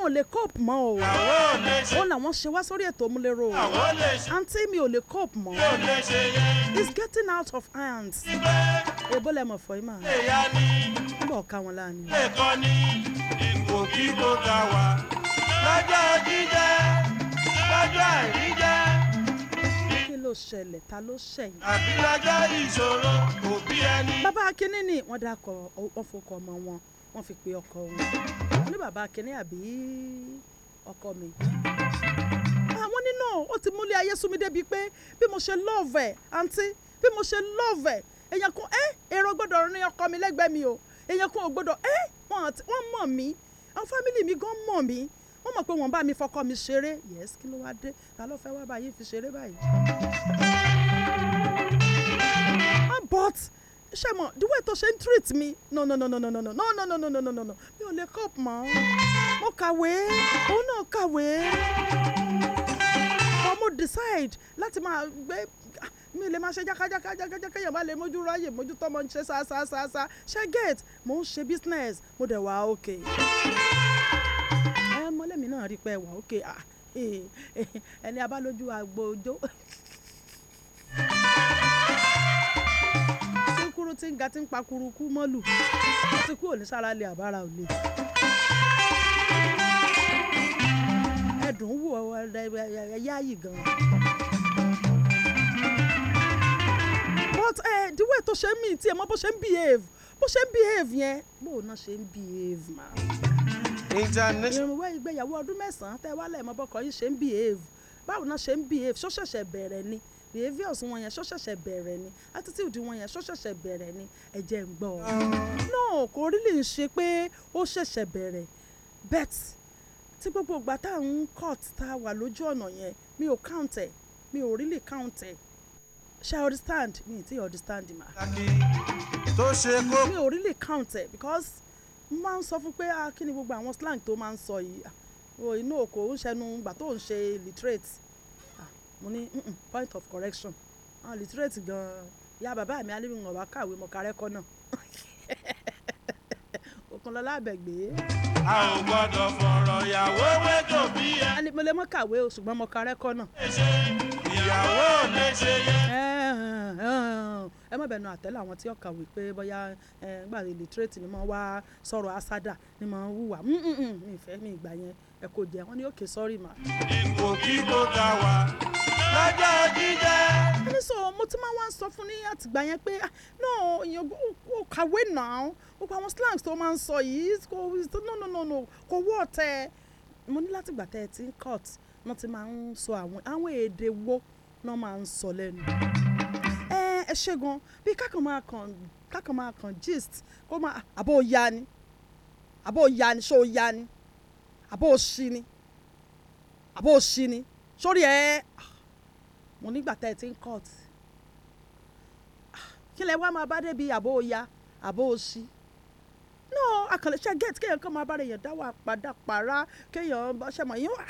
táwọn ò lè cope mọ́ o ó làwọn ṣe wá sórí ètò òmùlérò àǹtí mi ò lè cope mọ́ it's getting out of hands èbó lẹ́mọ̀ fọ́ yìí máa ń bọ̀ ká wọn láàánú. ẹ̀kọ́ ni ìgò kíkó ta wá lọ́jọ́ jíjẹ lọ́jọ́ àìríjẹ. ló ṣẹlẹ̀ ta ló ṣẹ̀yìn. àbí lọ́jọ́ ìṣòro òbí ẹni. bàbá akínní ni wọ́n dákọ̀ ọ̀fọ̀kọ̀ ọmọ wọn wọ́n fi pe ọkọ wọn ní bàbá kínní àbí ọkọ mi. àwọn ah, nínú ó ti múlé ayé súnmi débi pé bí mo ṣe lọ́ọ̀vẹ̀ àǹtí bí mo ṣe lọ́ọ̀vẹ̀ èèyàn kan ẹ́ èrò gbọ́dọ̀ rin ọkọ mi lẹ́gbẹ̀ẹ́ mi o èèyàn kan ò gbọ́dọ̀ ẹ́ wọ́n mọ̀ mí àwọn fámìlì mi gan mọ̀ mí wọ́n mọ̀ pé wọ́n bá mi fọkọ mi ṣeré yẹ́sì kí ló wá dé ta ló fẹ́ wá báyìí fi ṣeré báyìí. Ah, ṣé mo the way tó ṣe ń treat me? no no no no no no no no no no no no no no no mi ò lè cop mọ́ mo kàwé òun náà kàwé but mo decide láti máa gbé mi lè máa ṣe jákájáká jákájáká yẹn bá lè mójú ráyè mójú tọ́mọ ń ṣe ṣáṣáṣáṣá ṣe gate mo ń ṣe business mo dẹ̀ wá òkè ẹ mọ́lẹ́mi náà rí pé wà òkè ẹni abálójú àgbòjó kúrú tí ń ga tí ń pa kurukú mọ́lù ó ti kú òní sára lè àbára òní. ẹ̀dùn wò ẹ̀yà yìí gan. but ẹ the way to ṣe ń mí tí ẹ mọ bó ṣe ń behave bó ṣe ń behave yẹn bó náà ṣe ń behave mà. ìrìnwé ìgbéyàwó ọdún mẹ́sàn-án tẹ́ wálẹ̀ mọ́ bọ́kọ yìí ṣe ń behave báwo náà ṣe ń behave ṣó ṣẹ̀ṣẹ̀ bẹ̀rẹ̀ ni behaviours wọn yẹn ṣọ́ṣẹ̀ṣẹ̀ bẹ̀rẹ̀ ni attitude wọn yẹn ṣọ́ṣẹ̀ṣẹ̀ bẹ̀rẹ̀ ni ẹ̀jẹ̀ ń gbọ́ náà kò rí lè ṣe pé ó ṣẹ̀ṣẹ̀ bẹ̀rẹ̀ bet tí gbogbo ìgbà tá à ń cut tá a wà lójú ọ̀nà yẹn mi ò count ẹ̀ mi ò really count ẹ̀ ṣe understand mi ì tí ì understand ma mi ò really count ẹ̀ because mo máa ń sọ fún pé ah, kí ni gbogbo àwọn slang tó máa ń sọ yìí ah, oh, inú òkò ń ṣẹnu gbà tó ń ṣe literate mo ní point of correction àwọn literate gan-an ya bàbá mi alẹ́ mi ń wá kàwé mo ka rẹ́kọ́ náà Òkúnlọ́lá Àbẹ̀gbé. a ò gbọ́dọ̀ fọ̀rọ̀ ìyàwó wẹ́jọ bí ẹ. a ní mo lè mọ kàwé o ṣùgbọ́n mo ka rẹ́kọ́ náà. ìyàwó ò lè ṣe yẹn ẹ mọ̀ bẹ̀nu àtẹ́lẹ̀ àwọn tí ọkà wí pé bóyá gbàgbé literate ni mo wá sọ̀rọ̀ asada ni mo hùwà mi ìfẹ́ mi ìgbà yẹn ẹ kò jẹ wọn ni òkè sọrí mà. ipò kíkó ta wà lọ́jọ́ jíjẹ. ẹni sọ mo ti máa wá ń sọ fún ní àtìgbà yẹn pé ah, náà èèyàn ò kàwé náà ó pa àwọn slangs tó máa ń sọ yìí kò no no no no kò wọ́ ọ̀tẹ̀ mo ní látìgbà tẹ́ ẹ ti ń cut wọ́n ti máa ń sọ àwọn àwọn èdè wo náà máa ń sọ lẹ́nu ẹ ṣe gan bí kákan máa kàn kákan máa kàn gist kó máa ah, àbó ya ni àbó ya ni ṣó ya ni àbó òṣì ni àbó òṣì ni sórí ẹ ah, mo nígbà tẹ́ ẹ ti ń court ah, kí lẹ wá máa bá débi àbó òya àbó òṣì no akànlẹ̀ṣẹ́ gate kéèyàn kàn máa bá rẹ̀ yẹn dáwọ́ àpàdà pàrà kéèyàn bá ṣe mọ̀ yín wá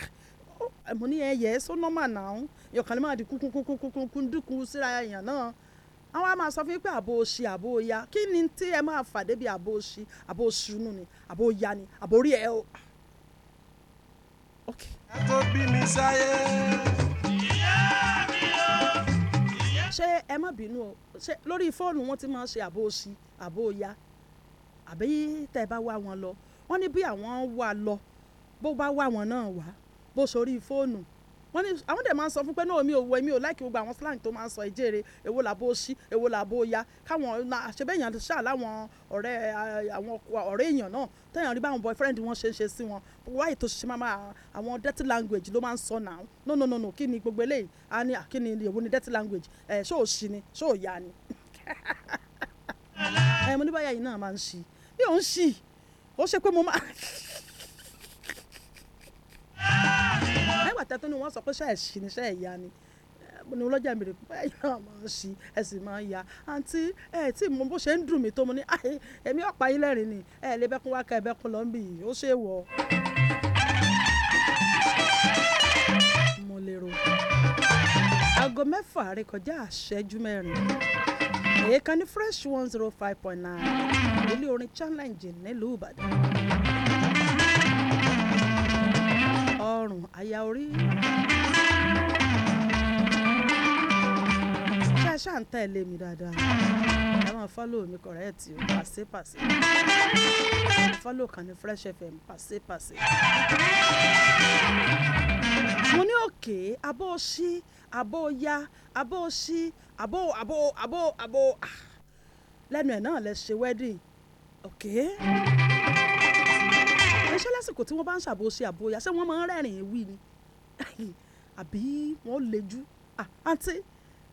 mo ní ẹ So normal now. nọ́mà náà kàn lè máa di kúnkúnkúnkúnkún dúnkún síra èèyàn náà àwọn a máa sọ fún yín pé àbò òṣì àbò òya kí ni tí ẹ máa fà débi àbò òṣì àbò òṣì ni àbò òya ni àbò orí ẹ o bí mi sáyé. ṣé ẹ má bínú o ṣé lórí fóònù wọn ti máa ń ṣe àbò òsì àbò òya àbí tẹ́ ẹ bá wá wọn lọ wọ́n ní bí àwọn wà lọ bó bá wà wọn náà wá bó sorí fóònù wọ́n ní àwọn dẹ̀ máa ń sọ fún pé náà mi ò wọ èmi ò láìkí gbogbo àwọn slang tó máa ń sọ ìjèrè èwo làbó ṣí èwo làbó ya káwọn àṣebẹ̀yàn ṣáà láwọn ọ̀rẹ́ àwọn ọ̀rẹ́ èèyàn náà tẹ̀yàn rí báwọn boyfriend wọn ṣe ń ṣe sí wọn wáyé tó ṣiṣẹ́ máa àwọn dirty language ló máa ń sọ náà no no no no kí ni gbogbo eléyìí a ní kí ni èwo ni dirty language ẹ̀ ṣó ò ṣí ni ṣó ò ya ni. ẹ̀ mo ní báyà yìí náà máa ń ṣí bí òun ṣì ó ṣe pé mo máa wà tẹ́tọ́ ni wọ́n sọ pé ṣáà ṣì ní ṣáà ìyá ni ni ọlọ́jà mi rè pé ẹ̀yin náà máa ń ṣí ẹ sì máa ń ya àǹtí ẹ tí mo bó ṣe ń dùn mí tó mo ní èmi ọ̀pá yín lẹ́rìn ni ẹ lè bẹ́kún wá ẹ bẹ́kún lọ bì ó ṣe wọ̀ mo lè aago mẹ́fà rékọjá àṣẹjú mẹ́rin èyí kan ní fresh one zero five point nine ilé orin challenge nílùú Ìbàdàn. ọrùn àyà orí. ṣé ẹ ṣáà ń tẹ̀lé mi dáadáa ẹ máa follow mi correct o pàṣẹ pàṣẹ follow kan ní Fresh FM pàṣẹ pàṣẹ. mo ní òkè abó ṣí abó ya abó ṣí abó abó abó abó ah. lẹ́nu ẹ̀ náà lẹ ṣe wedding òkè. Okay? ṣé lásìkò tí wọ́n bá ń ṣàbò ṣe àbòyá ṣé wọ́n máa ń rẹ́rìn-ín wí ni àbí wọ́n lejú àǹtí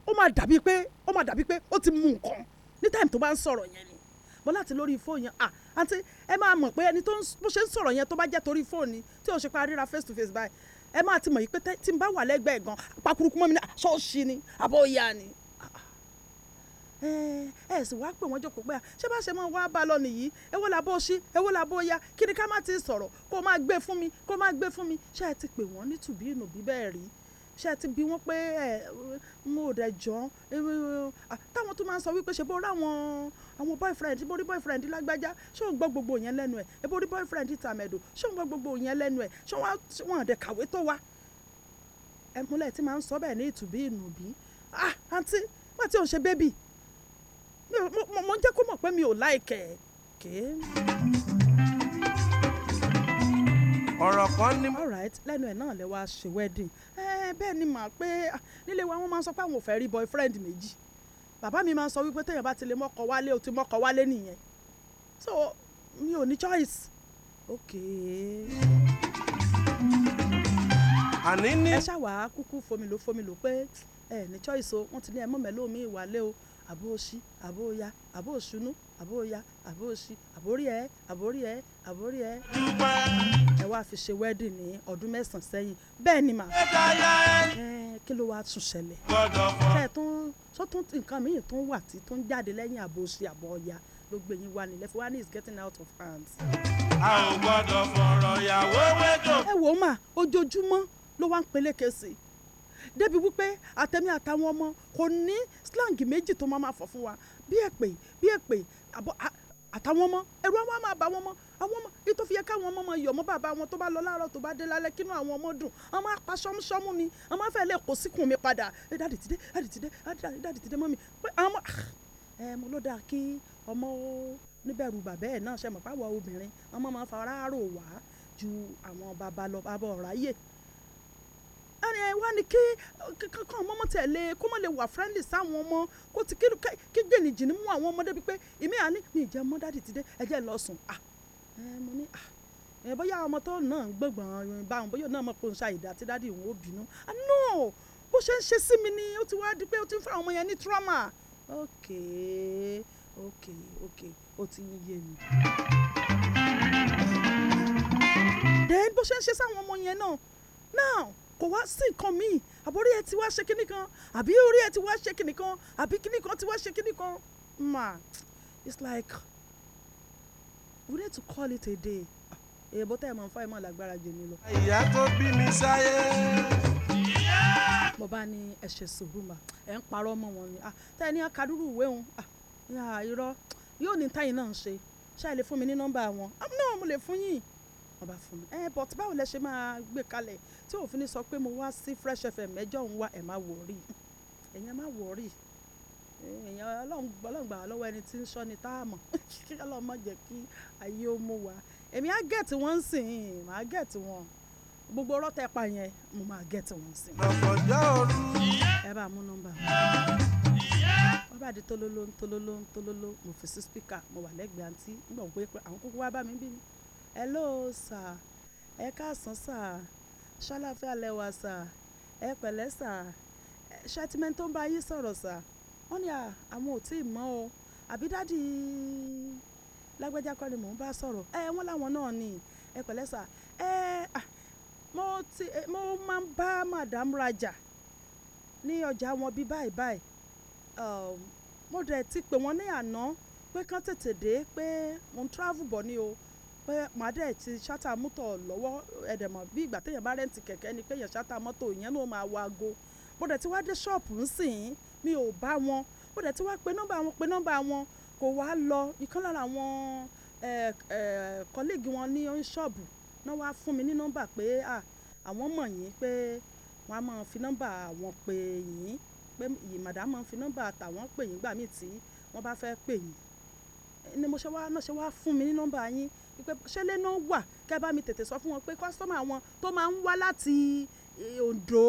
ó máa dàbí pé ó máa dàbí pé ó ti mú nǹkan ní táìmù tó bá ń sọ̀rọ̀ yẹn ni bọ́ láti lórí fóònù yẹn àǹtí ẹ máa mọ̀ pé ẹni tó bó ṣe ń sọ̀rọ̀ yẹn tó bá jẹ́ torí fóònù ni tí ò ṣe pa ríra face to face báyìí ẹ máa ti mọ̀ yìí pé tí n bá wà lẹ́gbẹ̀ẹ́ gan pakurukú mọ́ mi ní Eh, ẹ sì wá pè wọ́n jókòó pé à ṣé bá ṣe máa wá bá lọ nìyí ewó la bó ṣí ewó la bó ya kí ni ká má ti sọ̀rọ̀ kó má gbé fún mi kó má gbé fún mi ṣé ẹ ti pè wọ́n ní tùbí ìnùbí bẹ́ẹ̀ rí ṣé ẹ ti bí wọ́n pé ẹ n ò dẹ̀ jọ táwọn tó máa ń sọ wípé ṣe bó ráwọn àwọn boyfriend bó rí boyfriend lágbájá ṣé òun gbọ́ gbogbo yẹn lẹ́nu ẹ̀ ẹ bó rí boyfriend tàmẹ̀dò ṣé òun gbọ́ gbogbo yẹn lẹ́nu ẹ̀ ṣé wọ́n àdẹ̀ kàwé tó wa ẹ̀múlẹ̀ tí máa ń sọ bẹ́ẹ̀ ní ìtùbí ìnùbí ah àǹtí wọ́n ti ò ń ṣe bébì mo jẹ́ kó mọ̀ pé mi ò láìkẹ̀ ké. ọ̀rọ̀ kan ní. all right lẹ́nu ẹ̀ náà lẹ wá ṣe wedding bẹ́ẹ̀ ni mà pé nílé wa wọ́n máa ń sọ pé àwọn ò fẹ́ rí boyfriend méjì bàbá mi máa ń sọ wípé téèyàn bá ti lè mọ́kọ wálé o ti mọ́kọ wálé nìyẹn so mi ò ní choice. okay. àní ní. ẹ ṣàwá kúkú fomilo fomilo pé ẹ ní choice o wọ́n ti ní ẹ mọ̀ mẹ́lòmíì wálé o àbòsí àbòya àbòsúnú àbòya àbòsí àbórí ẹ àbórí ẹ àbórí ẹ. ẹ wá fi ṣe wedding ní ọdún mẹ́sàn-án sẹ́yìn bẹ́ẹ̀ ni màá. kí ló wá tún ṣẹlẹ̀. ẹ tún tó tún nǹkan míì tó ń wà tí tó ń jáde lẹ́yìn àbòsí àbòya ló gbé yín wá ní lẹ́fọ̀ wá ní is getting out of hand. a ò gbọ́dọ̀ fọ̀rọ̀ yàwó wẹ́dọ̀. ẹ wò ó mà ojoojúmọ́ ló wá ń peléke sí i débi wípé àtẹ̀mí àtàwọn ọmọ kò ní slang méjì tó máa ma fọ̀ fún wa bí èpè bí èpè àtàwọn ọmọ ẹ̀rù àwọn máa bá wọn mọ́ àwọn ọmọ ètò fi yẹ káwọn ọmọ máa yọ̀ mọ́ bàbá wọn tó bá lọ láàárọ̀ tó bá dé lálẹ́ kínú àwọn ọmọ dùn wọn máa pa ṣọ́múṣọ́mú ni wọn máa fẹ́ lè kó síkùn mi padà ẹ dáàdì ti dé dáàdì ti dé dáàdì ti dé mọ́ mi pé àwọn ah, ẹ mo ló dáa kí ọmọ níbẹ̀rù bàbá ẹ̀ náà ṣe mọ̀ pàwọ̀ obìnrin ọmọ máa fara rò wá ju àwọn bàbá lọ bàbá ọ̀ráyè wá ní kí kankan ọmọ tẹ̀lé kó mọ̀ lè wà friendly sáwọn ọmọ kó ti kí gbènìjì ní mú àwọn ọmọ débi pé ìmí àní mi ìjẹ́ mọ́ dáàdì ti dé ẹjẹ́ lọ sùn ah mo ní ah ẹ bóyá ọmọ tó náà ń gbọ̀ngbọ̀n yorùbá àwọn bóyá náà mọ̀ pé òun ṣàyèdá tí dáàdì òun ó bínú ah no bó ṣe ń ṣe sí mi ni ó ti wá di pé ó ti ń fún àwọn ọmọ yẹn ní trauma ok ok ok ó ti ń yé mi. then bó ṣe ń ṣe sáwọn ọmọ yẹn náà now kò wá sí nǹkan míì àbórí ẹ ti wá ṣe kinní kan àbí orí ẹ ti wá ṣe kinní kan àbí kinní kan ti wá ṣe kinní kan ma it's like we need to call it a day èèbó tẹ́ ẹ̀ máa ń fọ́ ẹ̀ máa lágbára jẹ mí lọ. ìyá tó bí mi sáyé. mo bá ní ẹ̀ṣẹ̀ sùúrù mà ẹ̀ ń parọ́ mọ́ wọn ni tẹ́ ẹ ní akadúrú ìwé òun irọ́ yóò ní táyì náà ṣe ṣáà lè fún mi ní nọ́mbà wọn àmì náà mo lè fún yín wọ́n bá fún mi ẹ bọ̀ tí báwo lẹ ṣe máa gbé kalẹ̀ tí òfin sọ pé mo wá sí Fresh FM ẹjọ́ ń wá ẹ̀ má wò rí ẹ̀yẹn má wò rí ẹ̀yẹn ọlọ́run gbà lọ́wọ́ ẹni tí ń sọ ni tá a mọ̀ kí ọlọ́run má jẹ́ kí ayé ó mú wa èmi á gẹ̀ẹ́tì wọn ń sìn màá gẹ̀ẹ́tì wọn gbogbo ọ̀rọ̀ tẹ́ pa yẹn mo máa gẹ̀ẹ́tì wọn sìn. lọ́kọ̀jọ́ òru. ẹ bá mú nọ́mbà wọ́n bá di tololo tololo tololo mo fi sí spíkà mo wà lẹ́gbẹ̀ẹ́ àǹtí nígbà wọ́n pé àwọn kúkú wá bá mi bí mi hello sir ẹ káàsán sir ṣàlàáfíà lẹ wà sir ẹ pẹ̀lẹ́ sir ṣẹtimẹ́ni tó ń bá yín sọ̀rọ̀ sir wọ́n ní àwọn ò tí ì mọ̀ o àbí dádì lágbájá kọ́ ni mò ń bá sọ̀rọ̀ ẹ wọ́n láwọn náà ni ẹ pẹ̀lẹ́ sir ẹ mo ti mo máa ń bá madam Raja. ní ọjà wọn bí báyìí báyìí mo dẹ̀ ti pè wọ́n ní àná pé kán tètè dé pé mo ń travel bọ̀ ni o pé màá dẹ̀ ti ṣátà mọ́tò lọ́wọ́ ẹ̀dẹ̀mọ̀ bí ìgbà téèyàn bá rẹ́ǹtì kẹ̀kẹ́ ni pé èèyàn ṣátà mọ́tò ìyẹn ló máa wo aago mo dẹ̀ ti wá dé ṣọ́ọ̀pù ńsìn mi ò bá wọn mo dẹ̀ ti wá pe nọ́mbà wọn pe nọ́mbà wọn kò wá lọ ìkan lára àwọn kọ́líìgì wọn ní ṣọ́ọ̀bù náà wá fún mi ní nọ́mbà pé àwọn mọ̀ yín pé wọ́n á máa fi nọ́mbà àwọn pè yín pé yìí màdàmú fi nọ́mbà tàwọn pè yín gbà míì tí wọ́n bá fẹ́ pè yín ni mo ṣe wá náà ṣe wá fún mi ní nọ́mbà yín pé ṣẹlẹ̀ náà wà kẹ́ bá mi tètè sọ fún wọn pé kọ́sítọ́mù àwọn tó máa ń wá láti eh, Oǹdó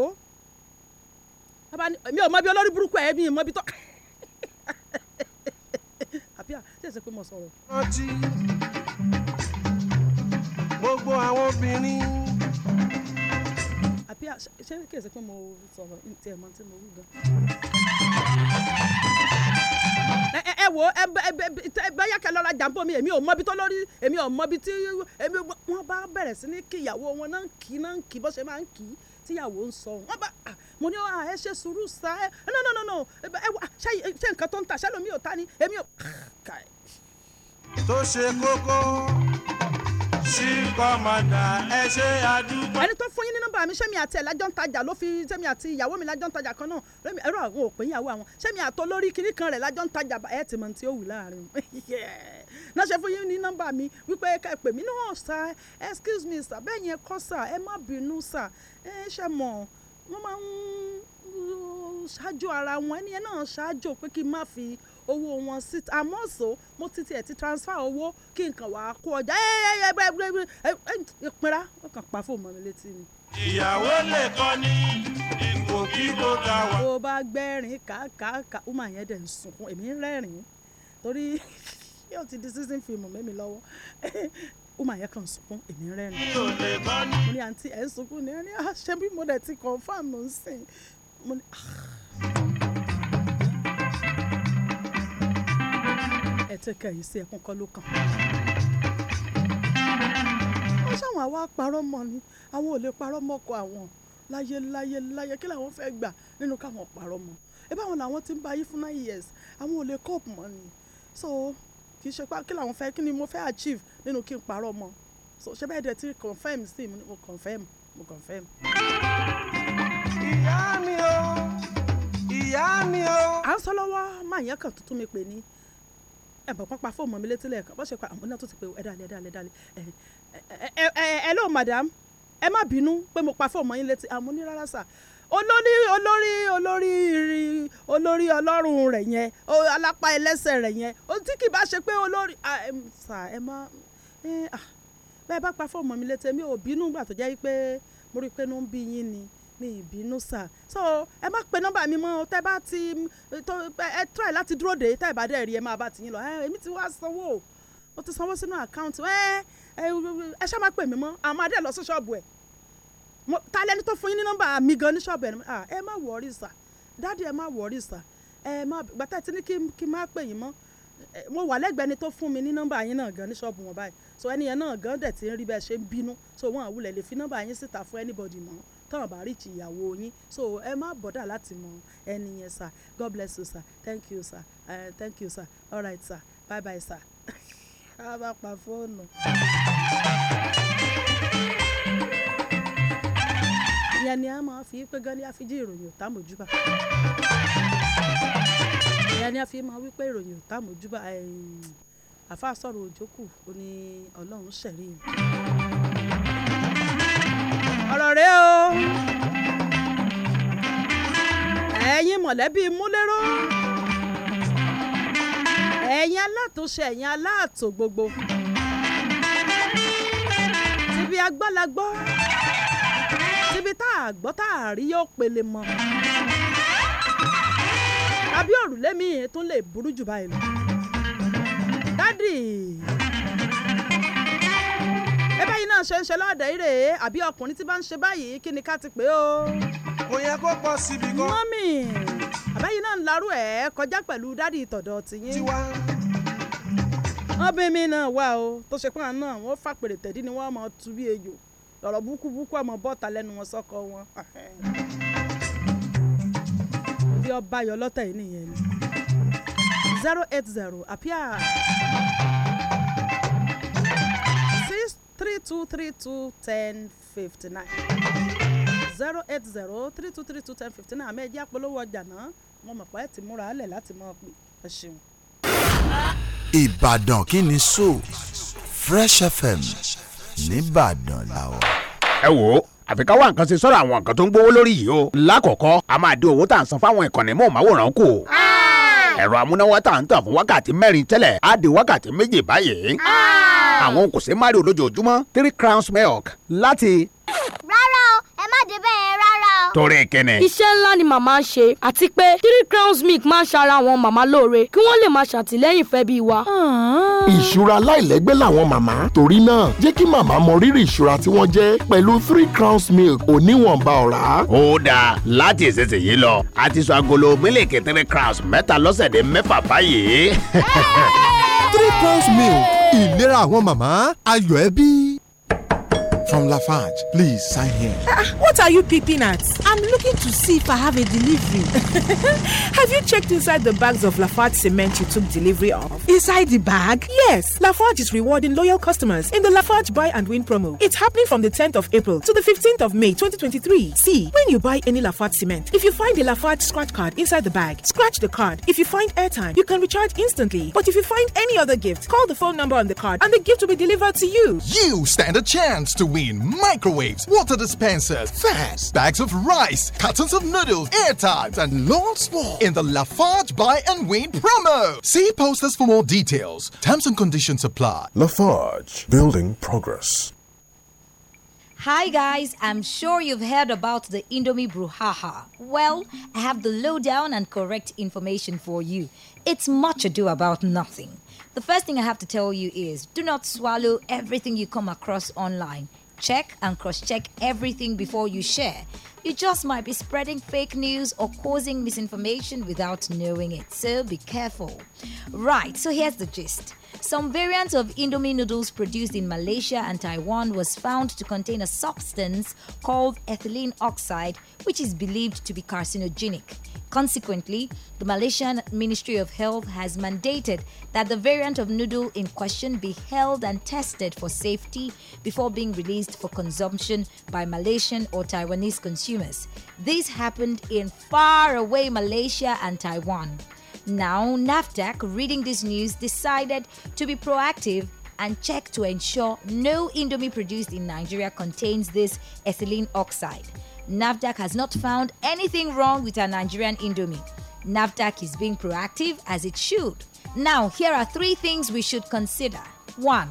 mi ò mọ bí olórí burúkú ẹ̀ mi ò mọ bí tó àbí à pé mo sọ̀rọ̀. rántí gbogbo àwọn obìnrin. àbí à pé mo sọ̀rọ̀ ní tiẹ̀ mọ́ tí mo wù gan ẹ wo ẹ bẹ́yà kẹ jàǹbó mi èmi ò mọbi tó lórí èmi ò mọbi tí èmi wọ́n bá bẹ̀rẹ̀ sí ní kí ìyàwó wọn náà ń kí náà ń kí bó ṣe máa ń kí tíyàwó ń sọ wọ́n bá mo ní ẹ ṣe sùúrù sa ẹ no no no no ẹ wà ṣe nǹkan tó ń tà ṣẹlómi ò ta ni èmi ò. tó ṣe kókó sí kọ́mọ̀dà ẹ ṣe àdúgbò. ẹni tó fún yín ní nọ́mbà mi ṣé mi àti ẹ̀ lájọ́ ń tajà ló fi ṣé mi àti ìyàwó mi lájọ́ ń tajà kan náà lómi ẹ̀rọ àwọn ò pé ìyàwó àwọn ṣé mi àtọ́ lórí kiri kan rẹ̀ lájọ́ ń tajà ẹ̀ tì mọ̀ tí ó wù láàrin náà ṣe fún yín ní nọ́mbà mi wípé ẹ pè mí náà sá excuse me sá bẹ́ẹ̀ yẹn kọ́ sá ẹ má bínú sá ẹ ṣe mọ̀ wọ́n máa ń ṣáájú ara wọn ẹni yẹn náà ṣáájú pé kí n má fi owó wọn sí àmọ́ so mo ti tiẹ̀ ti transfer owó kí nǹkan wàá kó ọjà ìpínra ó kàn pa fóònù mọ́ mi létí ni. ìyàwó lè kọ́ ni ipò kí ló ga wá. tó bá gbẹ́rìn kàkàkà ó máa yẹn dẹ̀ ń sunkún èmi ń rẹ́rìn torí yóò ti di season film mẹ́mi lọ́wọ́ ó máa yẹ kàn sunkún èmi rẹ́rìn. mo ní àǹtí ẹ̀ ń sunkún ní ẹni ah, àṣẹ bí mo dẹ̀ ti confam mo ń sìn mo ní. Ah. ẹ ti kẹ yìí sí ẹkún kọ́ ló kàn. wọ́n ṣàwọn àwa parọ́ mọ́ ni àwọn ò lè parọ́ mọ́ ọkọ àwọn láyé láyé láyé kí làwọn fẹ́ gbà nínú káwọn parọ́ mọ́ ẹ báwọn làwọn ti ń bá yí fún nine years àwọn ò lè cope mọ́ ni so kì í ṣe pé kí làwọn fẹ́ kí ni mo fẹ́ achieve nínú kí n parọ́ mọ́ so ṣé bẹ́ẹ̀ dẹ̀ ti confirm sí mi mo confirm mo confirm. ìyá mi o ìyá mi o. à ń sọ lọ́wọ́ máa yẹn kàn tuntun mi pè ní ẹ̀bọ̀n kan pa fóònù mọ́ mi létí lẹ́ẹ̀kan bó ṣe pa àwọn náà tó ti pé ẹ dálé ẹ dálé ẹ dálé ẹ ẹ ẹ lóò madam ẹ má bínú pé mo pa fóònù mọ́ yín létí àmọ́ ní rárá sà olórí olórí olórí irin olórí ọlọ́run rẹ̀ yẹn alápá ẹlẹ́sẹ̀ rẹ̀ yẹn tí kì bá ṣe pé olórí sà ẹ má bẹ́ẹ̀ bá pa fóònù mọ́ mi létí mi ò bínú gbà tó jẹ́ pé mo rí i pé ló ń bí yín ni mi ìbínú sà so ẹ má pe nọ́mbà mi mọ́ tẹ́ bá ti ẹ try láti dúró dé tẹ́ ẹ bá dẹ̀ rí ẹ máa bá ti yín lọ ẹ èmi ti wá sanwó o mo ti sanwó sínú àkáǹtì ẹ ẹ ṣá má pè mí mọ́ àmọ́ adé lọ sí ṣọ́ọ̀bù ẹ̀ ta lẹni tó fún yín ní nọ́mbà mi gan ní ṣọ́ọ̀bù ẹ̀ ẹ má wọrí sà dáàdi ẹ má wọrí sà ẹ má gbàtà tí ní kí n má pè yín mọ́ mo wà lẹ́gbẹ̀ẹ́ ni tó fún mi ní nọ́mbà yín náà gan ní ṣọ́ọ̀bù wọn báyìí so ẹni yẹn náà gan dẹ̀ ti ń rí bẹ́ẹ̀ ṣe ń bínú so wọn àwùlẹ̀ lè fi nọ́mbà yín síta fún anybody mọ́ tán bá rí ti ìyàwó yín so ẹ má bọ̀dà láti mọ ẹni yẹn sir god bless you sir thank you sir uh, thank you sir all right sir bye bye sir a bá pa fóònù. ìyẹn ni a máa fi pé gan ni a fi jí ìròyìn òtá mojúbà ìyẹn ni a fi máa wí pé ìròyìn òtá mojúbà àfa sọ̀rọ̀ òjòkù ó ní ọlọ́run ṣẹ̀rí mi ọ̀rọ̀ o ẹ̀yin mọ̀lẹ́bí múlẹ́rọ́ ẹ̀yin alátúnṣe ẹ̀yin aláàtò gbogbo tìbí agbálagbọ́ tìbí tá a gbọ́ tá a rí yóò pele mọ́ tàbí òrùlé mi tún lè burú jù báyìí lọ dádì náà ṣe ń ṣe lọ́ọ̀dẹ̀ ire àbí ọkùnrin tí bá ń ṣe báyìí kí ni ká ti pè ó. kò yẹ kó pọ̀ síbi kan. mọ́mì àbẹ́yìn náà ń larú ẹ̀ kọjá pẹ̀lú dádì tọ̀dọ̀ tìyín. tiwa. ọbẹ̀ mi náà wà o tó ṣe pọ́n náà wọ́n fàpèrè tẹ̀dí ni wọ́n mọ̀ ọ́ tu bí ejò lọ́rọ̀ búkú búkú ọmọ bọ́ta lẹ́nu wọn sọ́kọ wọn. bí ọba ayọ̀ lọ́tà yìí nìyẹn ni zero eight zero àpíà. 3232 1059 080 3232 1059 àmọ́ ẹ jẹ́ àpolówó ọjà náà mo mọ̀ pé ẹ ti múra alẹ̀ láti mọ̀ pé ẹ ṣeun. Ìbàdàn kí ni so Fresh FM nìbàdàn làwọn. ẹ wò ó àfi ká wá nǹkan ṣe sọ́dọ̀ àwọn nǹkan tó ń gbówó lórí yìí o. lákọ̀ọ́kọ́ a máa dín owó tá à ń san fáwọn ìkànnì mọ́ọ̀máwòrán kù. ẹ̀rọ amúnáwá tá à ń tàn fún wákàtí mẹ́rin tẹ́lẹ̀ á di wákàtí méje báyìí àwọn kò ṣe mario lójoojúmọ́ three crowns milk láti. rárá o ẹ má dé bẹ́ẹ̀ rárá torí kẹ́nẹ̀. iṣẹ́ ńlá ni màmá ń ṣe àti pé three crowns milk máa ń ṣara àwọn màmá lóore kí wọ́n lè máa ṣàtìlẹ́yìn fẹ́ bí wa. ìṣúra aláìlẹ́gbẹ́ làwọn màmá torí náà jẹ́ kí màmá mọ rírì ìṣúra tí wọ́n jẹ́ pẹ̀lú three crowns milk oníwọ̀nba ọ̀rá. ó dáa láti ìsinsìnyí lọ a ti sọ agolo mílíkì three crowns mẹ́ta lọ́sẹ̀ dé mẹ́fà báyìí. three crowns milk ìlera àwọn màmá ayọ̀ ẹbí. from Lafarge. Please sign here. Uh, what are you peeping at? I'm looking to see if I have a delivery. have you checked inside the bags of Lafarge cement you took delivery of? Inside the bag? Yes. Lafarge is rewarding loyal customers in the Lafarge Buy and Win promo. It's happening from the 10th of April to the 15th of May 2023. See, when you buy any Lafarge cement, if you find a Lafarge scratch card inside the bag, scratch the card. If you find airtime, you can recharge instantly. But if you find any other gift, call the phone number on the card and the gift will be delivered to you. You stand a chance to win microwaves, water dispensers, fans, bags of rice, cartons of noodles, airtimes, and lots more in the Lafarge Buy and Win promo. See posters for more details. Terms and conditions apply. Lafarge, building progress. Hi guys, I'm sure you've heard about the Indomie Bruhaha. Well, I have the lowdown and correct information for you. It's much ado about nothing. The first thing I have to tell you is do not swallow everything you come across online check and cross check everything before you share. You just might be spreading fake news or causing misinformation without knowing it, so be careful. Right, so here's the gist. Some variants of Indomie noodles produced in Malaysia and Taiwan was found to contain a substance called ethylene oxide, which is believed to be carcinogenic. Consequently, the Malaysian Ministry of Health has mandated that the variant of noodle in question be held and tested for safety before being released for consumption by Malaysian or Taiwanese consumers. This happened in faraway Malaysia and Taiwan. Now, NAFTAC, reading this news, decided to be proactive and check to ensure no Indomie produced in Nigeria contains this ethylene oxide. NAFDAC has not found anything wrong with our Nigerian Indomie. NAFDAC is being proactive as it should. Now, here are three things we should consider. 1.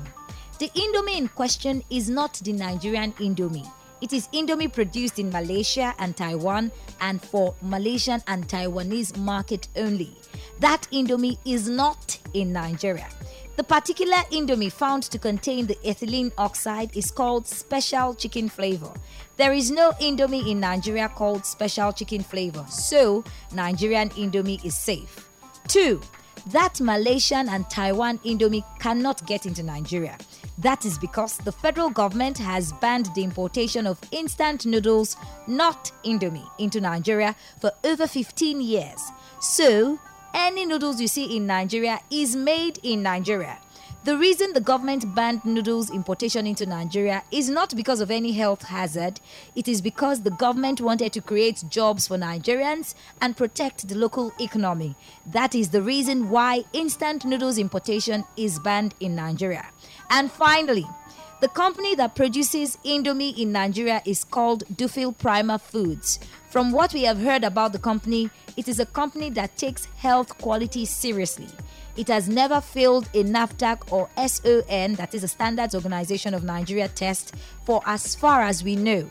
The Indomie in question is not the Nigerian Indomie. It is Indomie produced in Malaysia and Taiwan and for Malaysian and Taiwanese market only. That Indomie is not in Nigeria. The particular indomie found to contain the ethylene oxide is called special chicken flavor. There is no indomie in Nigeria called special chicken flavor, so Nigerian indomie is safe. 2. That Malaysian and Taiwan indomie cannot get into Nigeria. That is because the federal government has banned the importation of instant noodles, not Indomie, into Nigeria for over 15 years. So, any noodles you see in Nigeria is made in Nigeria. The reason the government banned noodles importation into Nigeria is not because of any health hazard, it is because the government wanted to create jobs for Nigerians and protect the local economy. That is the reason why instant noodles importation is banned in Nigeria. And finally, the company that produces Indomie in Nigeria is called Dufil Prima Foods. From what we have heard about the company, it is a company that takes health quality seriously. It has never failed a NAFDAC or SON, that is a Standards Organization of Nigeria test, for as far as we know.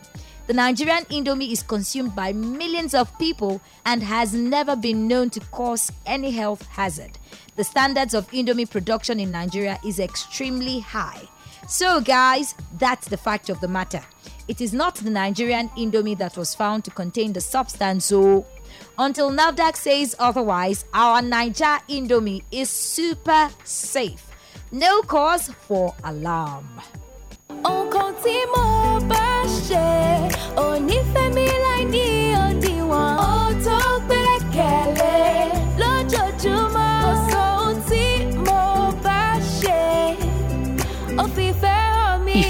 The Nigerian Indomie is consumed by millions of people and has never been known to cause any health hazard. The standards of Indomie production in Nigeria is extremely high. So, guys, that's the fact of the matter. It is not the Nigerian Indomie that was found to contain the substance, so oh. until NAVDAC says otherwise, our Niger Indomie is super safe. No cause for alarm.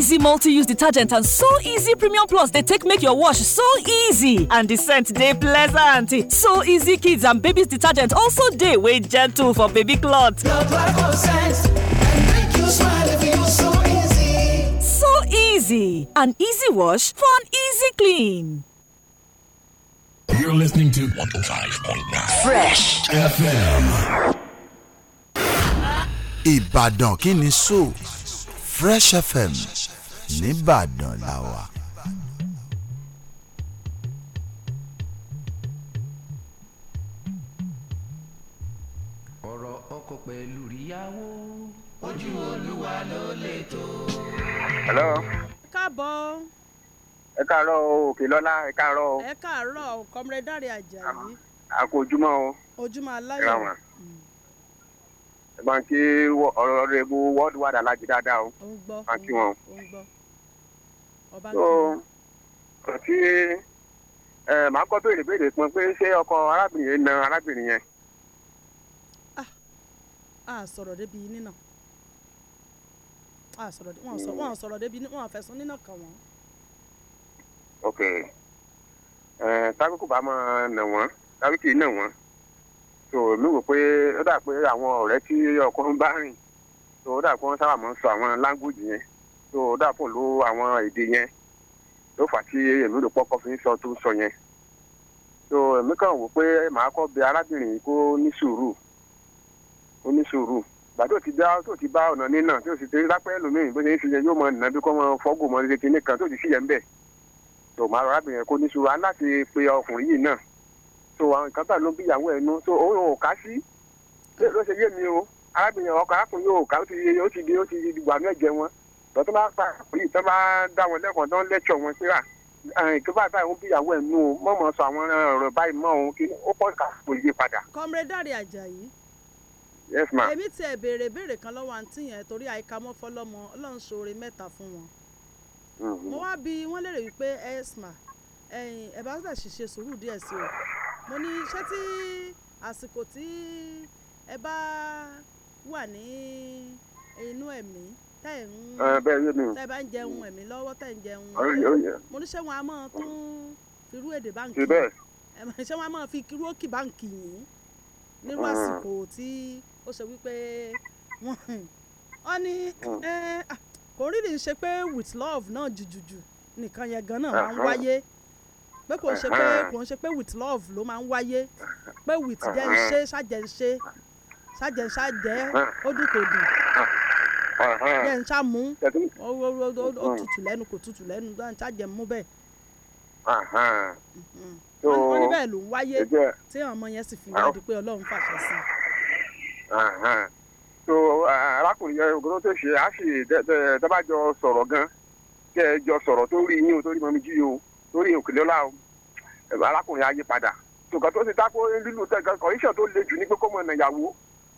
easy multi-use detergent and so easy premium plus They take make your wash so easy and the scent dey pleasant. So easy kids and babies detergent also day wey gentle for baby cloth. so easy. An easy wash for an easy clean. You're listening to 105.9 Fresh FM. Ìbàdàn kí ni so Fresh FM nìbàdàn la wà. ọ̀rọ̀ ọkọ pẹ̀lú ìyàwó ojú olúwa ló lè tó. hello. káàbọ̀. ẹ káàárọ̀ òkè lọ́lá ẹ káàárọ̀. ẹ káàárọ̀ kọ́mrẹ́dárì àjàyí. a kò ojúmọ́ o. ojúmọ́ aláyọ̀ mm. báńkì ọ̀rọ̀ rẹ̀ bu world wide alájí dáadáa o báńkì wọn àti màá kọ́ béèrè béèrè pin pé ṣé ọkọ arábìnrin yẹn na arábìnrin yẹn. Ah, a sọ̀rọ̀ débi nínà a sọ̀rọ̀ débi wọ́n sọ̀rọ̀ débi wọ́n fẹ̀sùn nínà kàn wọ́n. ok tábìkù bá máa nà wọ́n tábìkì nà wọ́n so mi rò pé ó dà pé àwọn ọ̀rẹ́ tí ọkọ ń bá rìn so ó dà pé wọ́n sábà máa ń sọ àwọn láńgòjì yẹn tó dáàfún ló àwọn èdè yẹn ló fà tí èmi ló pọ́kọ́ fi ń sọ tó ń sọ yẹn tó èmi kàn wò pé màá kọ́ bẹ̀ arábìnrin kó ní sùúrù kó ní sùúrù gbàdó ti dá tó ti bá ọ̀nà nínà tó ti tẹ́lẹ̀ lápẹ́ lómìn bó ṣe ń ṣe yẹn yóò mọ nà bí kò mọ fọ́gùn mọ ní kíní kan tó ti ṣìyẹn bẹ̀ tó màá rọ arábìnrin kó ní sùúrù á láti pe ọkùnrin yìí náà tó àwọn nǹkan bá ló ń bíyàwó ẹ̀ nu tó òun ò ká sí ló ṣe yé mi o arábìnrin ọkọ arákùnrin yóò ká ó ti di ó ti di gbàmẹ́jẹ wọn tọ́tọ́ bá pa àpòlì tó bá dá wọn lẹ́kọ̀ọ́ tó ń wọn síra kí bá báyìí wọn bí ìyàwó ẹ̀ nù o mọ̀ sọ àwọn ọ̀rọ̀ báyìí mọ̀ òun kí ó pọ̀ ká kò yé padà. Comrade Ajayi. yes ma. èmi tiẹ̀ béèrè béèrè kan lọ́wọ́ àǹtí yẹn torí àyíká mọ́ fọlọ́mọ ọlọ́run ṣoore mẹ́ta fún wọn. Mm-hmm. mo wá bi wọ́n lérè wípé esma ẹ bá ṣàṣì ṣe sùúrù díẹ̀ sí o mo ní ṣé tí àsìkò tí ẹ bá wà ní inú ẹ̀mí tẹ ń bẹ́ẹ̀ yé mi tẹ bá ń jẹun ẹ̀mí lọ́wọ́ tẹ ń jẹun mo ní ṣé a máa tún irú èdè báǹkì yìí ṣé a máa fi irú òkè báǹkì yìí nínú ah. àsìkò tí ó ṣe wípé wọn ní ah. kò rí ni ṣe pé with love náà jùjùjù nìkan yẹn gan náà máa ń wáyé pé kò ṣe pé kò ń ṣe pé with love ló máa ń wáyé pé with jẹ́ ń ṣe ṣàjẹ́ ń ṣe ṣàjẹ́ ṣàjẹ́ ó dùn kò dùn bẹ́ẹ̀ n ṣá mú ó tutù lẹ́nu kò tutù lẹ́nu bẹ́ẹ̀ n ṣá jẹ mú bẹ́ẹ̀. wọ́n ní bẹ́ẹ̀ ló ń wáyé tí ọmọ yẹn sì fi wádìí pé ọlọ́run fàṣẹ sí i. so arákùnrin yẹn ògùn tó ṣe á sì dábàjọ sọ̀rọ̀ gan kẹ́ ẹ jọ sọ̀rọ̀ tó rí yín o tó rí mọ́mí jí o tó rí òkèlè ọlá o arákùnrin ayé padà tòkàn tó ti dáko lílo tẹ̀gàn kọ̀ọ̀ṣẹ̀ tó le jù ní pé kọ́mọ nàyàwó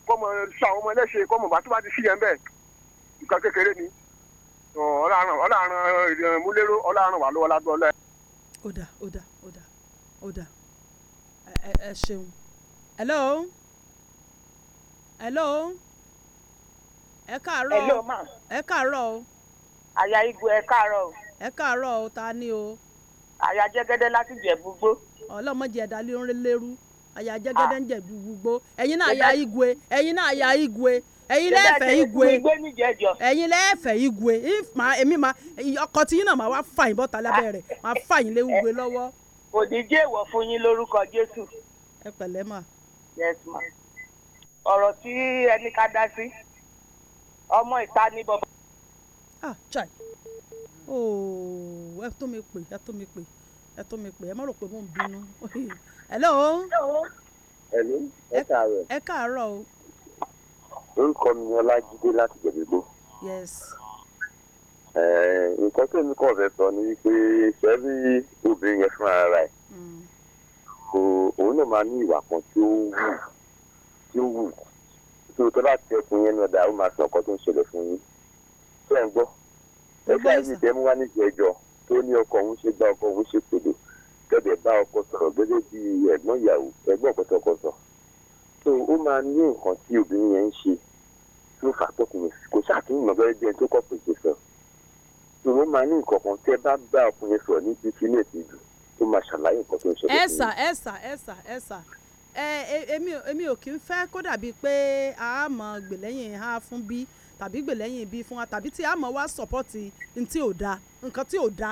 kọ́mọ sa ọmọ ẹlẹ́ṣẹ̀ kọ́mọ bàtú bá ti fi yẹn bẹ́ẹ̀ nǹkan kékeré ni ọlọ́run múlẹ́rú ọlọ́run wà lọ́wọ́ lágbó ọlọ́run. ó dà ó dà ó dà ó dà ẹ ṣeun hello hello ẹ káàárọ̀ ẹ káàárọ̀ o. àyà igun ẹ káàárọ̀ o. ẹ káàárọ̀ o ta ni o. àyà jẹgẹdẹ láti jẹ gbogbo. ọlọ́mọdé lérú àyà gbogbo náà àyà igwe náà àyà igwe ẹ̀yin lẹ́ẹ̀fẹ̀ igwe ẹ̀yin lẹ́ẹ̀fẹ̀ igwe If ma ọkọ tí yín náà máa wá fà yín bọ́ta lábẹ́ rẹ̀ ah, máa fà yín lé eh, igwe lọ́wọ́. òdìjé ìwọ̀ fún yín lórúkọ jésù. ẹ pẹ̀lẹ́ yes ma ọ̀rọ̀ tí ẹni ká dá sí ọmọ ìta ní bọ́bá. ah chai ooo ẹ tó mi pè ẹ tó mi pè ẹ tó mi pè ẹ má rò pé mò ń bínú. hello. hello. ẹ káàárọ̀. ẹ káàárọ̀ o orúkọ mi ni ọlájídé láti jẹ̀gbẹ́gbó. nǹkan tó ní kọ̀ọ̀fẹ́ sọ ni wípé sẹ́rí obìnrin yẹn fúnra rẹ̀ hmm. òun náà máa ní ìwà kan tí ó wù tí ó wù tó tó bá tẹ ẹkùn yẹn náà dà ó máa sọ ọkọ tó ń ṣẹlẹ̀ fún yín ṣé ẹ ń gbọ́ ẹgbẹ́ yìí tẹ́ mú wá ní ìjẹ́jọ́ tó ní ọkọ òun ṣe gba ọkọ òun ṣe pèlò kẹ́dẹ̀ bá ọkọ sọ̀rọ̀ gẹ́gẹ́ bí ẹ̀gbọ́n ìyàwó ẹ̀gbọ́n ọ̀pọ̀tọ̀ọ̀kọ̀ sọ̀rọ̀ so ó máa ní nǹkan tí obìnrin yẹn ń ṣe ló fà tọkùnrin kò ṣàkíyàn lọ́gẹ́rẹ́ bí ẹni tó kọ́ pèsè sọ so ó máa ní nǹkan kan tẹ́ bá bá ọkùnrin sọ ní títí ní ètò ìdù ó máa ṣàlàyé nǹkan tó ń ṣẹlẹ̀ ẹ̀sà ẹ̀sà ẹ̀sà ẹ̀sà èmi ò kí ń fẹ́ kó dàbí pé a mọ̀ gbèlẹ́yìn a fún bí tàbí gbèlẹ́yìn bí fún wa tàbí tí a mọ̀ wá sọ̀pọ̀tì ntí ò da nǹkan tí ò da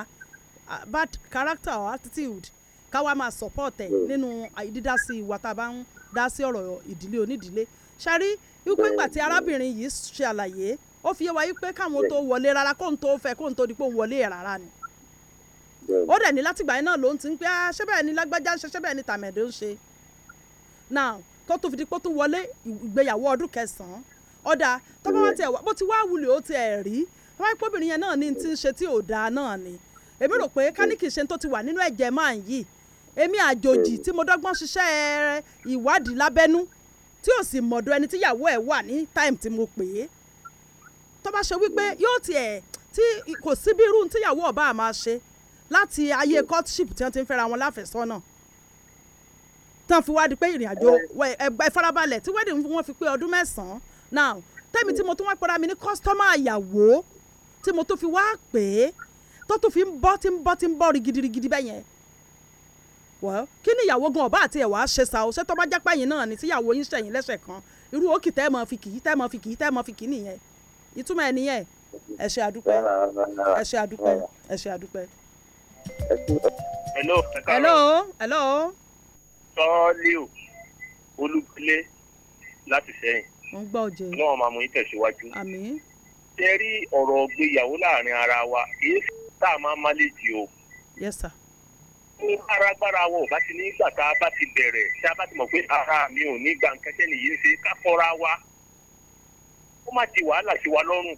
bad character or attitude ká wá máa sọ̀pọ̀tẹ̀ hmm. nínú dídá ìwà tá a bá ń dá sí ọ̀rọ̀ ìdílé onídìílé ṣẹ́rí wípé ńgbà tí arábìnrin yìí ṣe àlàyé ó fi yé wa wípé káwọn tó wọlé rárá kóun tó fẹ́ kóun tó di pé òun wọlé ẹ̀ rárá ni ó dẹ̀ ní látìgbà yẹn náà ló ń ti ń pé ah, ṣé bẹ́ẹ̀ ni lágbájá ń ṣe ṣé bẹ́ẹ̀ ni tàmẹ̀dó ń ṣe now tó tún fi di pé tó wọlé ìgbéyàwó ọdún kẹsàn-án ọ̀dà tó bá wọn tiẹ̀ wá bó ti wá wulẹ̀ ó tiẹ̀ rí wọn pé obìnrin yẹn náà ní ti ń ṣe tí ò dáa náà ni èmi rò pé káníkì ṣe tó ti wà nínú ẹ̀jẹ̀ máa ń yìí èmi àjòjì tí mo dọ́gbọ́n ṣiṣẹ́ ìwádìí lábẹ́nú tí ò sì mọ̀dọ̀ ẹni tíyàwó ẹ̀ wà ní táìmù tí mo pè é tó bá ṣe wípé yóò tiẹ̀ tí kò sí bí irú tíyàwó ọba àmà ṣe láti ayé courtship tí wọ́n ti ń fẹ́ra wọn láfẹ̀sọ́nà tán fi wá di pé ìrìn àjò ẹ farabalẹ̀ tí wedding wọn fi pé ọdún mẹ́sàn-án now tẹ́mi tí mo tún wá pera mi ní kọ́sítọ́mà àyàwó tí mo tún fi wá pè é tó tún fi ń bọ́ tí ń bọ́ tí ń bọ́ rigidirigidi bẹ́yẹn wọ́n kí ni ìyàwó gan ọba àti ẹ̀wà ṣe sa o ṣé tó bá jẹ́ pẹ́yìn náà ni tíyàwó yín ṣẹ̀yìn lẹ́sẹ̀ kan irú òkì tẹ́ mọ̀ fi kì í tẹ́ mọ̀ fi kì í tẹ́ mọ̀ fi kì í nìyẹn ìtumọ̀ ẹ̀ nìyẹn ẹ ṣé àdúpẹ́ ẹ ṣé àdúpẹ́ ẹ ṣé àdúpẹ́. hello hello hello. sọ́ọ́líù olúgbélé láti sẹ́yìn. mo ń gbọ́ òjè. náà máa mú yín tẹ̀síwájú. àmín. ṣe rí ọ̀rọ̀ gbéyàwó láàrin ara wa èyí tá a máa má lè jì o. yes sir ní arágbára wa ò bá ti ní tá a bá ti bẹ̀rẹ̀ tá a bá ti mọ̀ pé ara mi ò ní gbà nkẹ́kẹ́ nìyí ń ṣe ká fọ́ra wa ó má di wàhálà sí wa lọ́rùn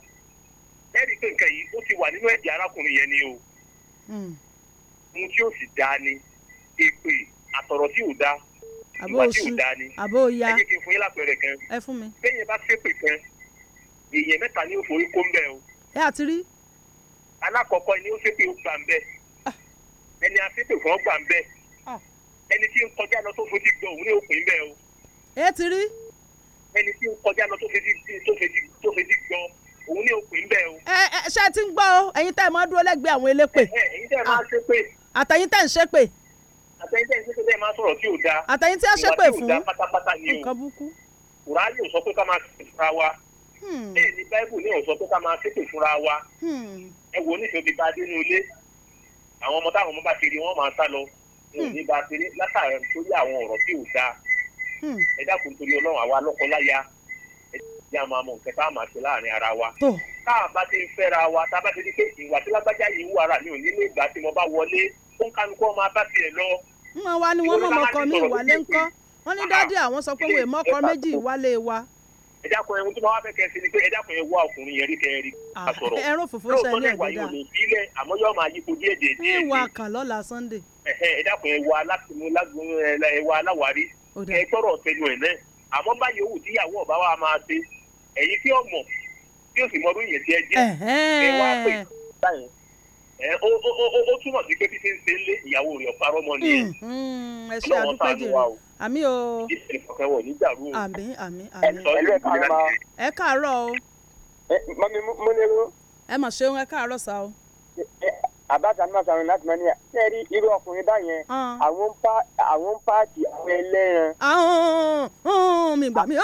ẹ̀rí pé nǹkan yìí ó ti wà nínú ẹ̀jẹ̀ arákùnrin yẹn ni o hmm. ohun tí ó sì dáa ni èpè àtọ̀rọ̀ tí ò dáa ìwà tí ò dáa ni ẹ jẹ́ kí n fún yín lápẹẹrẹ kan ẹ fún mi bẹ́yẹn bá ṣépè kan èèyàn mẹ́ta ni ó forí kó ń bẹ̀ o. ẹ àti rí. alákọ̀ọ́kọ́ ni ó ṣépè ó gbà ń bẹ́ẹ̀ ẹni afẹ́tò kan gbà ń bẹ ah. ẹni tí ń kọjá lọ tó fojú gbọ́ òun ní òpin bẹ́ẹ̀ o. ẹ ti rí. ẹni tí ń kọjá lọ tó fojú gbọ́ òun ní òpin bẹ́ẹ̀ o. ẹ ẹ ṣe ti ń gbọ́ o ẹ̀yin tẹ́ ẹ máa dúró lẹ́gbẹ̀ẹ́ àwọn elépè. ẹ̀yin tẹ́ ẹ máa ah. ṣe pé. àtẹ̀yin tẹ́ ń ṣe pé. àtẹ̀yin tẹ́ ń ṣe pé tẹ́ ẹ máa sọ̀rọ̀ tí ò dáa. àtẹ̀yin tí a ṣe pé fún. nǹkan búkú. kùránì ò sọ pé ká máa ṣe fúnra wa. bẹ́ẹ̀ ni báíbù ní ò sọ pé ká máa ṣépè fúnra wa. Hmm. Hmm. ẹ wo oníṣòwò àwọn ọmọ táwọn ọmọ bá ṣe rí wọn máa sá lọ wọn ò hmm. ní bá ṣeré látàrí torí àwọn ọ̀rọ̀ tí ò dáa hmm. ẹ dákun torí ọlọ́run àwa lọ́kọláya ẹ jẹ́ àwọn àmọ̀ nǹkan tá a máa ṣe láàrin ara wa tá a bá ti ń fẹ́ra wa tá a bá ti di pé ìwà tí lágbájá yìí wù ara mi ò nílé ìgbà tí mo bá wọlé ó ń kánukọ́ máa bá tiẹ̀ lọ. wọn wá ní wọn mọ̀mọ́kọ mi ìwálé ńkọ́ wọn ní ah. dádì àwọn sọ pé wọn èèmọ́kọ méjì ìwálé wa ẹ̀dá kan ẹ̀hún tó máa wá fẹ́ kẹ́ sí ni pé ẹ̀dá kan yẹn wá ọkùnrin yẹn rí kẹ́ rí àsọ̀rọ̀ ah, ẹ̀rọ fòfó sẹ́lẹ̀ ẹ̀gbọ́dà lóòótọ́ náà ò ní bílẹ̀ àmọ́ yóò máa yípo díẹ̀ díẹ̀ díẹ̀ díẹ̀ ìwà kàn lọ́la Sunday. ẹ̀dá kan ẹ̀wà alákùnrin ẹ̀wà aláwárí ẹ̀ tọrọ ọ̀tẹnu ẹ̀ náà àmọ́ báyìí owó tíyàwó ọ̀bá wa máa ṣe ẹ̀yìn tí ọmọ tí o sì mọ lóyìn tí ẹ ẹ àmì o. àmì àmì àmì. ẹ káàárọ̀ o. mami mo ní ro. ẹ mà ṣeun ẹ káàárọ̀ sa o. àbáta náà sàrùn láti mọ ní à ṣe rí irú ọkùnrin báyẹn ah. àwọn ń pa àwọn ń paati àwọn ẹlẹ́ran. mi gbà mí.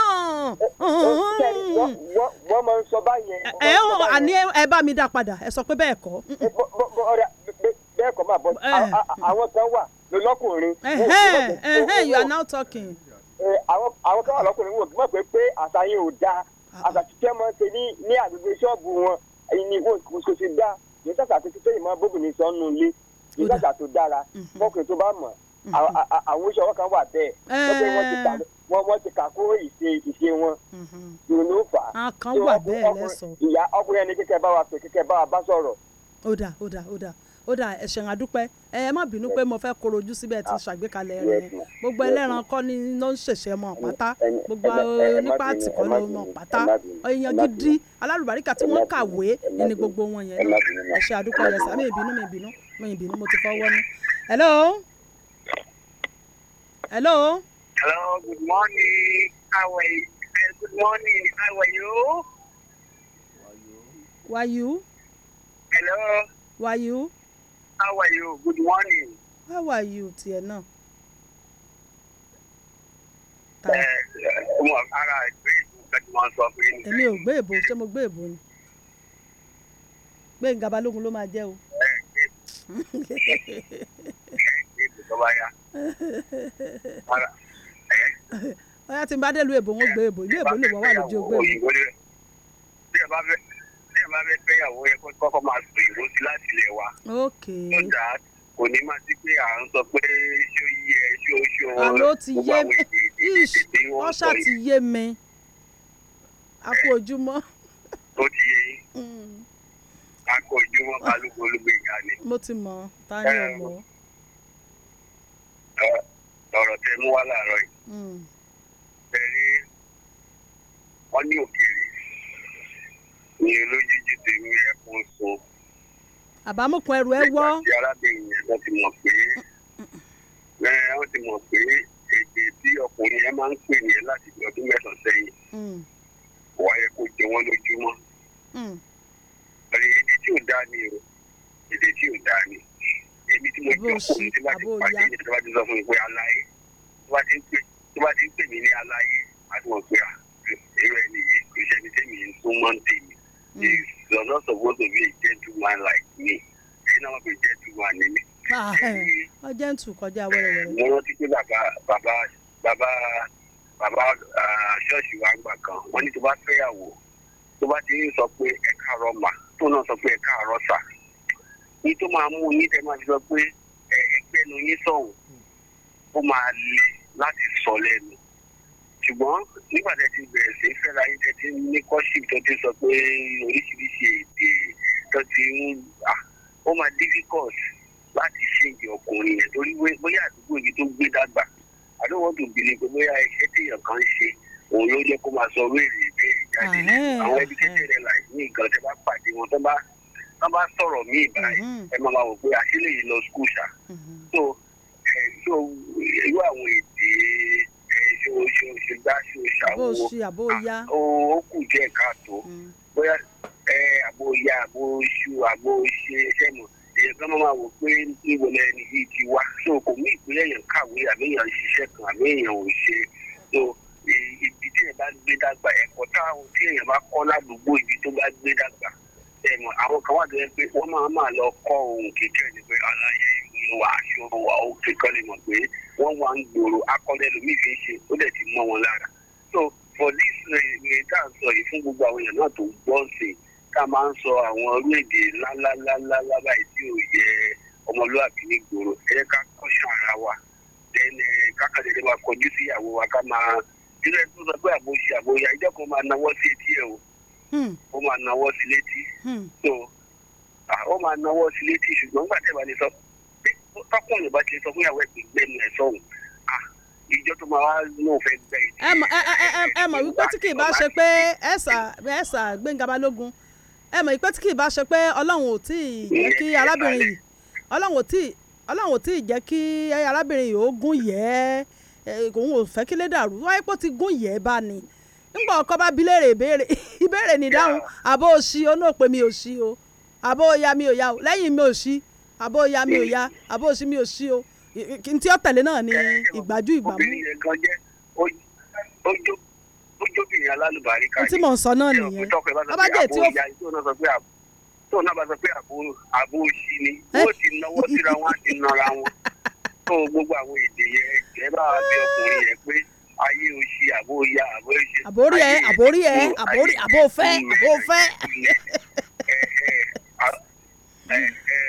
wọ́n máa ń sọ báyẹn. ẹ ẹ àní ẹ bá mi dá padà ẹ sọ pé bẹ́ẹ̀ kọ́. bẹ́ẹ̀ kọ́ máa bọ́ eh. àwọn kan wà lọkùnrin. you are now talking. àwọn káwọn lọkùnrin wò mọ̀ pé pé àṣà yẹn ò dáa ah. àṣà títẹ́ mọ́ ṣe ní ní àgbègbè ṣọ́ọ̀bù wọn ni kò sì dáa kì í ṣàṣà tó ti tẹ́lẹ̀ mọ́ bóbìnrin sọ nù lé kì í ṣàṣà tó dára mm-hmm. fọkùnrin tó bá mọ̀ mm-hmm. àwọn oṣù kan wà bẹ́ẹ̀ wọ́n wọ́n ti kà kó ìṣe ìṣe wọn ìrònú mm-hmm. fà á. àkànwà bẹ́ẹ̀ lẹ́sọ̀ọ́. ìyá ọkùnrin ẹni kékeré bá wa pè kékeré bá wa bá sọ̀rọ̀. ó dà ó dà ó dà ó dà ẹ ṣeun àdúpẹ́ ẹ má bínú pé mo fẹ́ korojú síbẹ̀ tí ṣàgbékalẹ̀ rẹ̀ gbogbo ẹlẹ́ran kọ́ ni ló ń ṣẹ̀ṣẹ̀ mọ̀ pátá gbogbo onípa àtìkọ́ ló mọ̀ pátá èèyàn gidi alálùbáríkà tí wọ́n kàwé ni gbogbo wọn yẹn náà ẹ ṣe àdúpẹ́ yẹn sàmì ìbínú mi ìbínú mi ìbínú mo ti fọwọ́ ní. hello. hello. hello good morning how are you good morning how are you. why you. hello. why you. How are you? Good morning. How are you tiẹ̀ náà? Eh, eh, Èmi ò gbé ìbò ṣé mo gbé ìbò ni? Gbẹ̀ngà Balógun ló máa jẹ́ o. Ẹ eh, tí n bá dé lu èbò wọn gbé èbò ìlú èbò lè wọ́n wà lójú ogbó èbò bá fẹ́ fẹ́yàwó ẹ kọ́kọ́ máa sọ ìró sí láti ilẹ̀ wa. ok lọ́jà kò ní máa ti pé à ń sọ pé ṣó yí ṣó ṣó gbogbo àwọn èdè èdè tí wọ́n yìí. wọ́n ti yé mi a kú ojúmọ́. ó ti yé yín mm. a kú ojúmọ́ balùwẹ̀ olùgbèjà ni. mo ti mọ̀ ta ni ọ̀mọ́. ọ̀rọ̀ tẹ mú wá láàárọ̀ yìí. bẹ́ẹ̀ mm. ni wọ́n ní òkèèrè ni olójijì ti mú ẹkún sun. àbámọ̀kọ ẹrù ẹ wọ́. nígbà tí arábìnrin yẹn wọ́n ti mọ̀ pé wọ́n ti mọ̀ pé èdè tí ọkùnrin yẹn máa ń pè ní ẹ láti bí ọdún mẹ́sàn-án sẹ́yìn hmm. wàá yẹ kó jẹ wọ́n lójúmọ́. Hmm. èdè tí ò dáa ni o èdè tí ò dáa ni èmi tí mo jẹ́ ọkùnrin tí bá ti pàdé ní tí bá ti sọ fún mi pé aláyé tí bá ti ń pè tó mí ní aláyé àti wọn pé à èrò ẹni yìí kò ṣe ẹni tẹ́mi ń tún mọ́ ń tèmi. Hmm. If you're not supposed to be a gentleman like me, you know what a gentleman ni mi. Ọ jẹ́ ntù kọjá wẹ́rẹ́wẹ́rẹ́. Mo rántí pé bàbá bàbá bàbá bàbá ṣọ́ọ̀ṣì wa gbà kan, wọ́n ní tó bá fẹ́yàwó, tó bá ti ń sọ pé ẹ̀ka àrọ̀ mà, tó náà sọ pé ẹ̀ka àrọ̀ sà. Ní tó máa mú yín tẹ́ máa fi sọ pé ẹgbẹ́nu yín sọ̀hún, hmm. ó máa le láti sọ lẹ́nu ṣùgbọ́n nígbà tẹ́ ti bẹ̀rẹ̀ sí fẹ́ra yín tẹ́ ti ní kọ́ṣìp tó ti sọ pé oríṣiríṣi èdè tó ti ń à ó máa difficult láti ṣe ìdí ọkùnrin yẹn torí bóyá àdúgbò ibi tó gbé dàgbà I don't want to believe pé bóyá iṣẹ́ téèyàn kan ṣe òun ló jẹ́ kó máa sọ wéèrè ìbéèrè jáde àwọn ẹbí kékeré láì ní nǹkan tẹ́ bá pàdé wọn tó bá tó bá sọ̀rọ̀ míì báyìí mm-hmm. ẹ máa máa wò pé àṣìlè yìí lọ skul ṣá mm-hmm. eh, so irú àwọn èdè ṣe o ṣe o ṣe gbá ṣe o ṣàwo o ṣe àbò ya o kù díẹ̀ káàtó mm. bóyá ẹ àbò ya àbò ṣu àbò ṣe sẹ́mu èyàn kan máa wò pé níbo lẹ́ni yìí ti wá so kò mú ìpínlẹ̀ èèyàn kàwé àbí èèyàn ṣiṣẹ́ kan àbí èèyàn ò ṣe so ibi tí èèyàn bá gbé dàgbà ẹ̀kọ́ táwọn tí èèyàn bá kọ́ ládùúgbò ibi tó bá gbé dàgbà àwọn kan wà tó pé wọ́n máa máa lọ kọ́ ohun kékeré ni pé aláyẹ̀ ìmọ̀ ìwà àṣọrò wa ó fi kọ́ lè mọ̀ pé wọ́n wà ń gbòòrò akọ́lẹ́ lómi fi ṣe ó dẹ̀ ti mọ́ wọn lára so for this reason tá à ń sọ yìí fún gbogbo àwọn èèyàn náà tó ń gbọ́ sí i tá a máa ń sọ àwọn orílẹ̀-èdè ńláńláńláńlá báyìí tí ò yẹ ọmọlúwàbí ní gbòòrò ẹ jẹ́ ká kọ́ṣọ́ ara wa ẹnì kákàdédé máa kọjú sí ìyàwó wa ká máa jíjẹ tó sọ pé àbò ṣe àbò ya ìjọ kan máa nawọ́ sí etí ẹ̀ o hmm. ó máa nawọ́ sí létí hmm. so ó máa nawọ́ sí létí ṣùgbọ́n nígbà tẹ́ bá ní sọ tọkùnrin bá ti sọ fún ìyàwó ẹ pé gbẹmí ẹ sọhùn ìjọ tó máa wá lóun fẹ́ gbẹ ìdí. ẹ mọ̀ wípé tí kì í bá ṣe pé ẹ̀sà Gbẹ́ngà Balógun ẹ mọ̀ wípé tí kì í bá ṣe pé Ọlọ́run ò tí ì jẹ́ kí arábìnrin yìí Ọlọ́run ò tí Ọlọ́run ò tí ì jẹ́ kí arábìnrin yìí ó gún yẹ́ òun ò fẹ́ kí lè dàrú wáyé pé ó ti gún yẹ́ bá ni ńgbà ọkọ bá bi léèrè ìbéèrè ìbéèrè ní dáhùn àbó òṣì onóòpè mi òṣì o àbó oya mi òya o lẹ́yìn mi òṣì àbó ya mi ò ya àbó sí mi ò sí o kí n tí ó tẹ̀lé náà ni ìgbájú ìgbàmú. obìnrin yẹn kan jẹ́ ojóbìnrin alálùbáríkà yìí. tí mò ń sọ náà nìyẹn ọba jẹ́ tí ó. tóun náà bá sọ pé àbó òṣì ni wọ́n ti náwó síra wọn àti nara wọn. tó gbogbo àwọn èdè yẹn jẹ́ bá a bí ọkùnrin yẹn pé ayé òṣì àbó ya àbó òṣì. àbórí ẹ àbórí ẹ àbórí àbó fẹ́ àbó fẹ́. ẹ ẹ ẹ ẹ.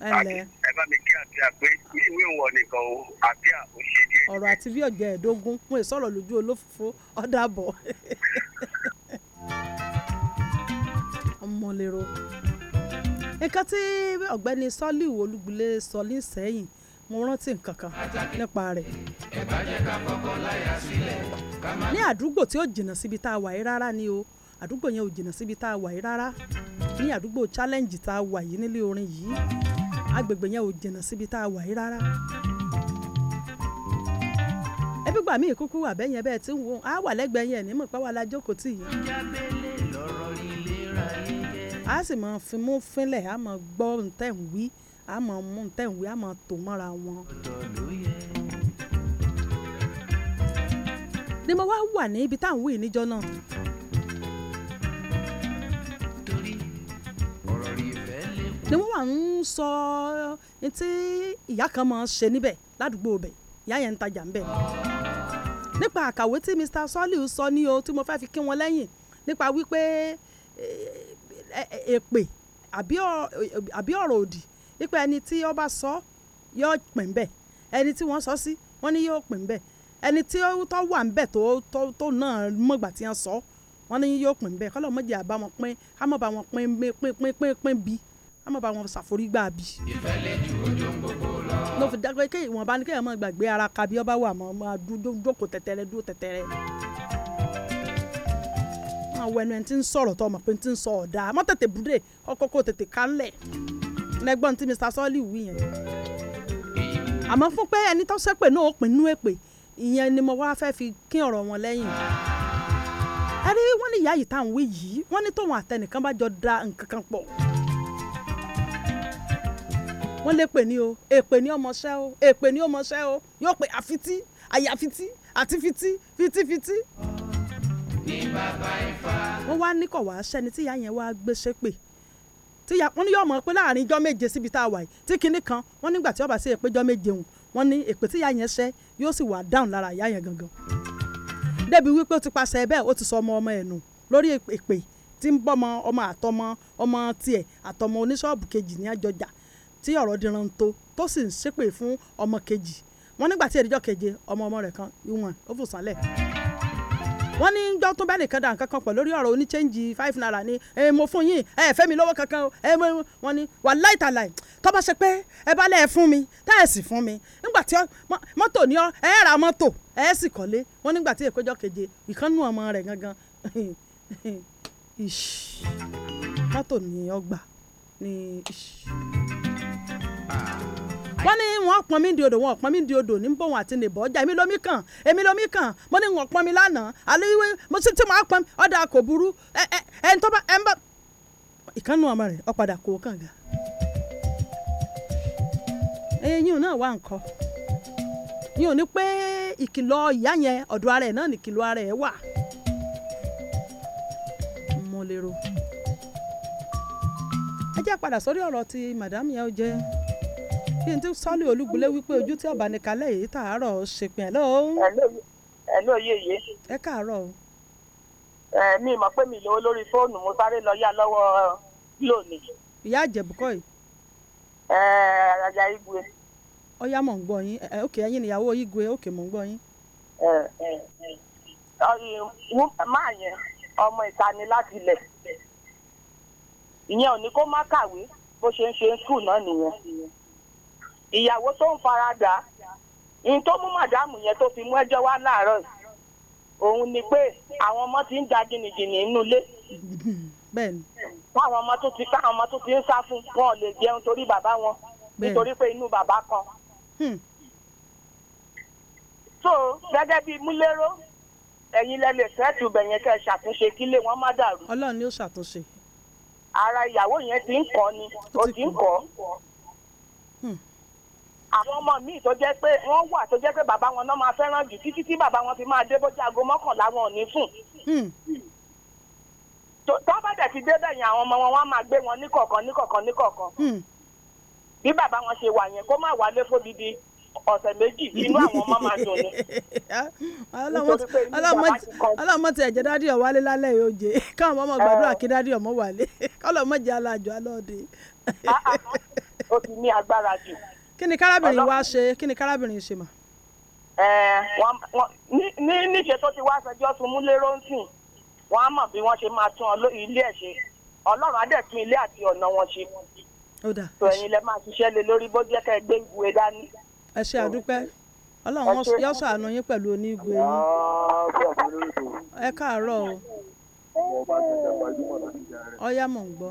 ẹ bá mi kí àti àpé mi ìwé wọn nìkan o àbí àkóṣe díẹ̀. ọ̀rọ̀ àti bí ọ̀gá ẹ̀ẹ́dógún fún ìsọ̀rọ̀ lójú olófòfó ọ̀dàbọ̀. ọmọlérò nǹkan tí ọ̀gbẹ́ni Soliu Olúgbulé sọ ní sẹ́yìn mo rántí nǹkan kan nípa rẹ̀. ní àdúgbò tí ó jìnnà síbi tá a wà yìí rárá ni o àdúgbò yẹn ò jìnnà síbi tá a wà yìí rárá ní àdúgbò challenge tá a wà yìí nílé orin yìí agbègbè yẹn ò jìnnà síbi tá a wà yìí rárá ẹbí gbà míì kúkú wà bẹ́yẹn bẹ́ẹ̀ tí ń á wà lẹ́gbẹ̀ẹ́ yẹn ní mọ̀pá la jókòó tì yẹn a sì mọ̀ fimú fínlẹ̀ a mọ̀ gbọ́ ntẹ̀ a mọ̀ mú ntẹ̀ a mọ̀ tò mọ́ra wọn. ni mo wá wà ní ibi táwọn wí níjọ náà ń sọ ní tí ìyá kan máa ṣe níbẹ̀ ládùúgbò bẹ̀ ìyá yẹn ń tajà ń bẹ̀. nípa àkàwé tí Mr. Soliu sọ ní o tí mo fẹ́ fi kí wọn lẹ́yìn nípa wípé eh, eh, eh, èpè àbí ọ̀rọ̀ òdì wípé ẹni tí ó sọ yóò pè ń bẹ̀ ẹni tí wọ́n sọ sí wọ́n ní yóò pè ń bẹ̀ ẹni tí ó tọ́ wà ń bẹ̀ tó náà mọ̀gbà tí wọ́n sọ wọ́n ní yóò pè ń bẹ̀ kọ́lọ́ mọ̀jẹ̀ àbá wọn pín ká bá wọn pín pín pín pín pín bí a máa bá wọn ṣàforígbà bí. ìfẹ́lẹ́ ju ojú ń gbogbo lọ. ló fi dàgbé kí ìwọ̀nba ni kéèyàn máa gbàgbé ara ka bí ọba wà máa dúdókò tẹ̀tẹ̀rẹ̀ dúró tẹ̀tẹ̀rẹ̀. àwọn ẹnu ẹni tí ń sọ̀rọ̀ tó ọmọ pé ti ń sọ ọ̀dà má tètè búdè ọkọ̀ kó tètè kálẹ̀ lẹ́gbọ́n tí Mr. Sọ́ọ̀lì wí yẹn. àmọ́ fún pé ẹni tó sẹ́pẹ̀ náà ó pín nú èpè ìyẹn ni mo wá fẹ́ fi kín ọ̀rọ̀ wọn lẹ́yìn ẹ̀rí wọ́n ní ìyá yìí táwọn wí yìí wọ́n ní tóun àtẹnìkan bá jọ da nǹkan kan pọ̀ wọ́n lè pè ní o èpè ní ọmọṣẹ́ o èpè ní ọmọṣẹ́ o yóò pè àfitì àyàfitì àti fitì fitifiti. ní bàbá ifá. wọ́n wá ní kọ̀ wá sẹ́ni tíyà yẹn wá gbéṣẹ́ pè tíyà wọ́n ní yóò mọ̀ pé láàrin ijọ́ méje síbi tá a wà yìí tí kinní kan wọ́n nígbà tí ó bá ṣe èpéjọ́ méje hùn wọ́n ní èpè tíyà yẹn ṣẹ́ yóò sì wà dáhùn lára ìyá yẹn gangan. débi wípé ó ti paṣẹ bẹ́ẹ̀ ó ti sọ ọmọ ọmọ ẹ̀ nù lórí èpè tí ń bọ́mọ ọmọ àtọmọ ọmọ tiẹ̀ àtọmọ oníṣọ́ọ̀bù kejì ní àjọjà tí ọ̀rọ̀ dìran tó tó sì ń ṣépè fún ọmọ kejì wọ́n nígbà tí èdèjọ́ keje ọmọ ọmọ rẹ̀ kan ìwọ̀n ó fò sálẹ̀ wọ́n ní jọ́ tó bẹ́ẹ̀ nìkan dà nǹkan kan pọ̀ lórí ọ̀rọ̀ oníchẹ́ǹjì five naira ni ẹ mo fún yín ẹ fẹ́ mi lọ́wọ́ kankan ẹ mo wọ́n ní wà láìtàláì tó bá ṣe pé ẹ bá lẹ́ẹ̀ fún mi tá ẹ sì fún mi nígbà tí mọ́tò ní ọ ẹ ra mọ́tò ẹ sì kọ́lé wọ́n nígbà tí èkójọ́ keje ìkànnù ọmọ rẹ̀ gangan mọ́tò ní ọgbà ní. wọ́n ní wọ́n pọn mí di odò wọ́n pọn mí di odò ní bòun àti nìbọ̀ ọjà èmi lómi kàn èmi kàn mo ní wọ́n pọn mi lánàá àléwé mo sì ti máa ọ̀dà kò burú ẹ ẹ ẹ ń ẹ ń madam yẹn ó kí n tí sọ́ọ̀lì wípé ojú tí ọba ní lẹ́yìn tààrọ̀ ṣèpin ẹ̀ lóhùn. ẹ ló yé yé. ẹ káàárọ̀ mi mọ̀ pé mi lówó lórí fóònù mo sáré lọ yá lọ́wọ́ lónìí. ìyá àjẹbùkọ́ yìí. ẹ ajá igwe. ọyá mọ̀ ń gbọ́ yín igwe òkè mọ̀ ń gbọ́ yín. ẹ ẹ ẹ máa yẹn ọmọ ìta ni láti ìyẹn ò ní kó má kàwé bó ìyàwó tó ń Farada ní tó mú màdámù yẹn tó fi mú ẹjọ́ wá láàárọ̀ òun ni pé àwọn ọmọ ti ń da gìnìgìnì nínú ilé káwọn ọmọ tó ti káwọn ọmọ tó ti ń sá fún wọn ò lè jẹun torí bàbá wọn nítorí pé inú bàbá kan hmm. so gẹ́gẹ́ bíi múlẹ́rọ́ ẹ̀yin lẹ lè sẹ́ẹ̀tù bẹ̀yẹn kẹ́ ẹ ṣàtúnṣe kílé wọn má dàrú. ọlọ́run ni ó ṣàtúnṣe. ara ìyàwó yẹn ti ń kọ́ ni ó ti ń kọ́ àwọn ọmọ míì tó jẹ́ pé wọ́n wà tó jẹ́ pé bàbá wọn náà máa fẹ́ràn jù títí tí bàbá wọn fi máa dé bójú aago mọ́kànlá wọn ò ní sùn hmm. tó bá dẹ̀ ti débẹ̀ yẹn àwọn ọmọ wọn wọ́n máa gbé wọn níkọ̀ọ̀kan níkọ̀ọ̀kan níkọ̀ọ̀kan hmm. bí bàbá wọn ṣe wà yẹn kó má wálé fódìdí ọ̀sẹ̀ méjì inú àwọn ọmọ máa dùn ni. ọlọ́mọ tí ẹ̀jẹ̀ dádì ọ̀wálé lálẹ́ yóò jẹ káwọn ọmọ gbàdúrà kí dádì ọmọ wálé kọ́lọ́mọ jẹ́ alájọ alọ́ọ̀dẹ. ó ti ní agbára jù kí ni kárábìnrin wa ṣe kí ni kárábìnrin ṣe mà. ní níṣe tó ti wá sẹjọ́ tún múlé rọ́ǹtìn wọ́n á mọ̀ bí wọ́n ṣe máa tún ilé ẹ̀ ṣe ọlọ́run á dẹ̀ tún ilé àti ọ̀nà wọn ṣe. tó ẹ̀yin lẹ máa ṣiṣẹ́ lé lórí bó jẹ́ kẹ́ ẹ gbé ìbúwe dání. ẹ ṣe àdúpẹ́ ọlọ́run yóò ṣàánú yín pẹ̀lú onígun yín e. ẹ káàárọ̀ o ọyá mò ń gbọ́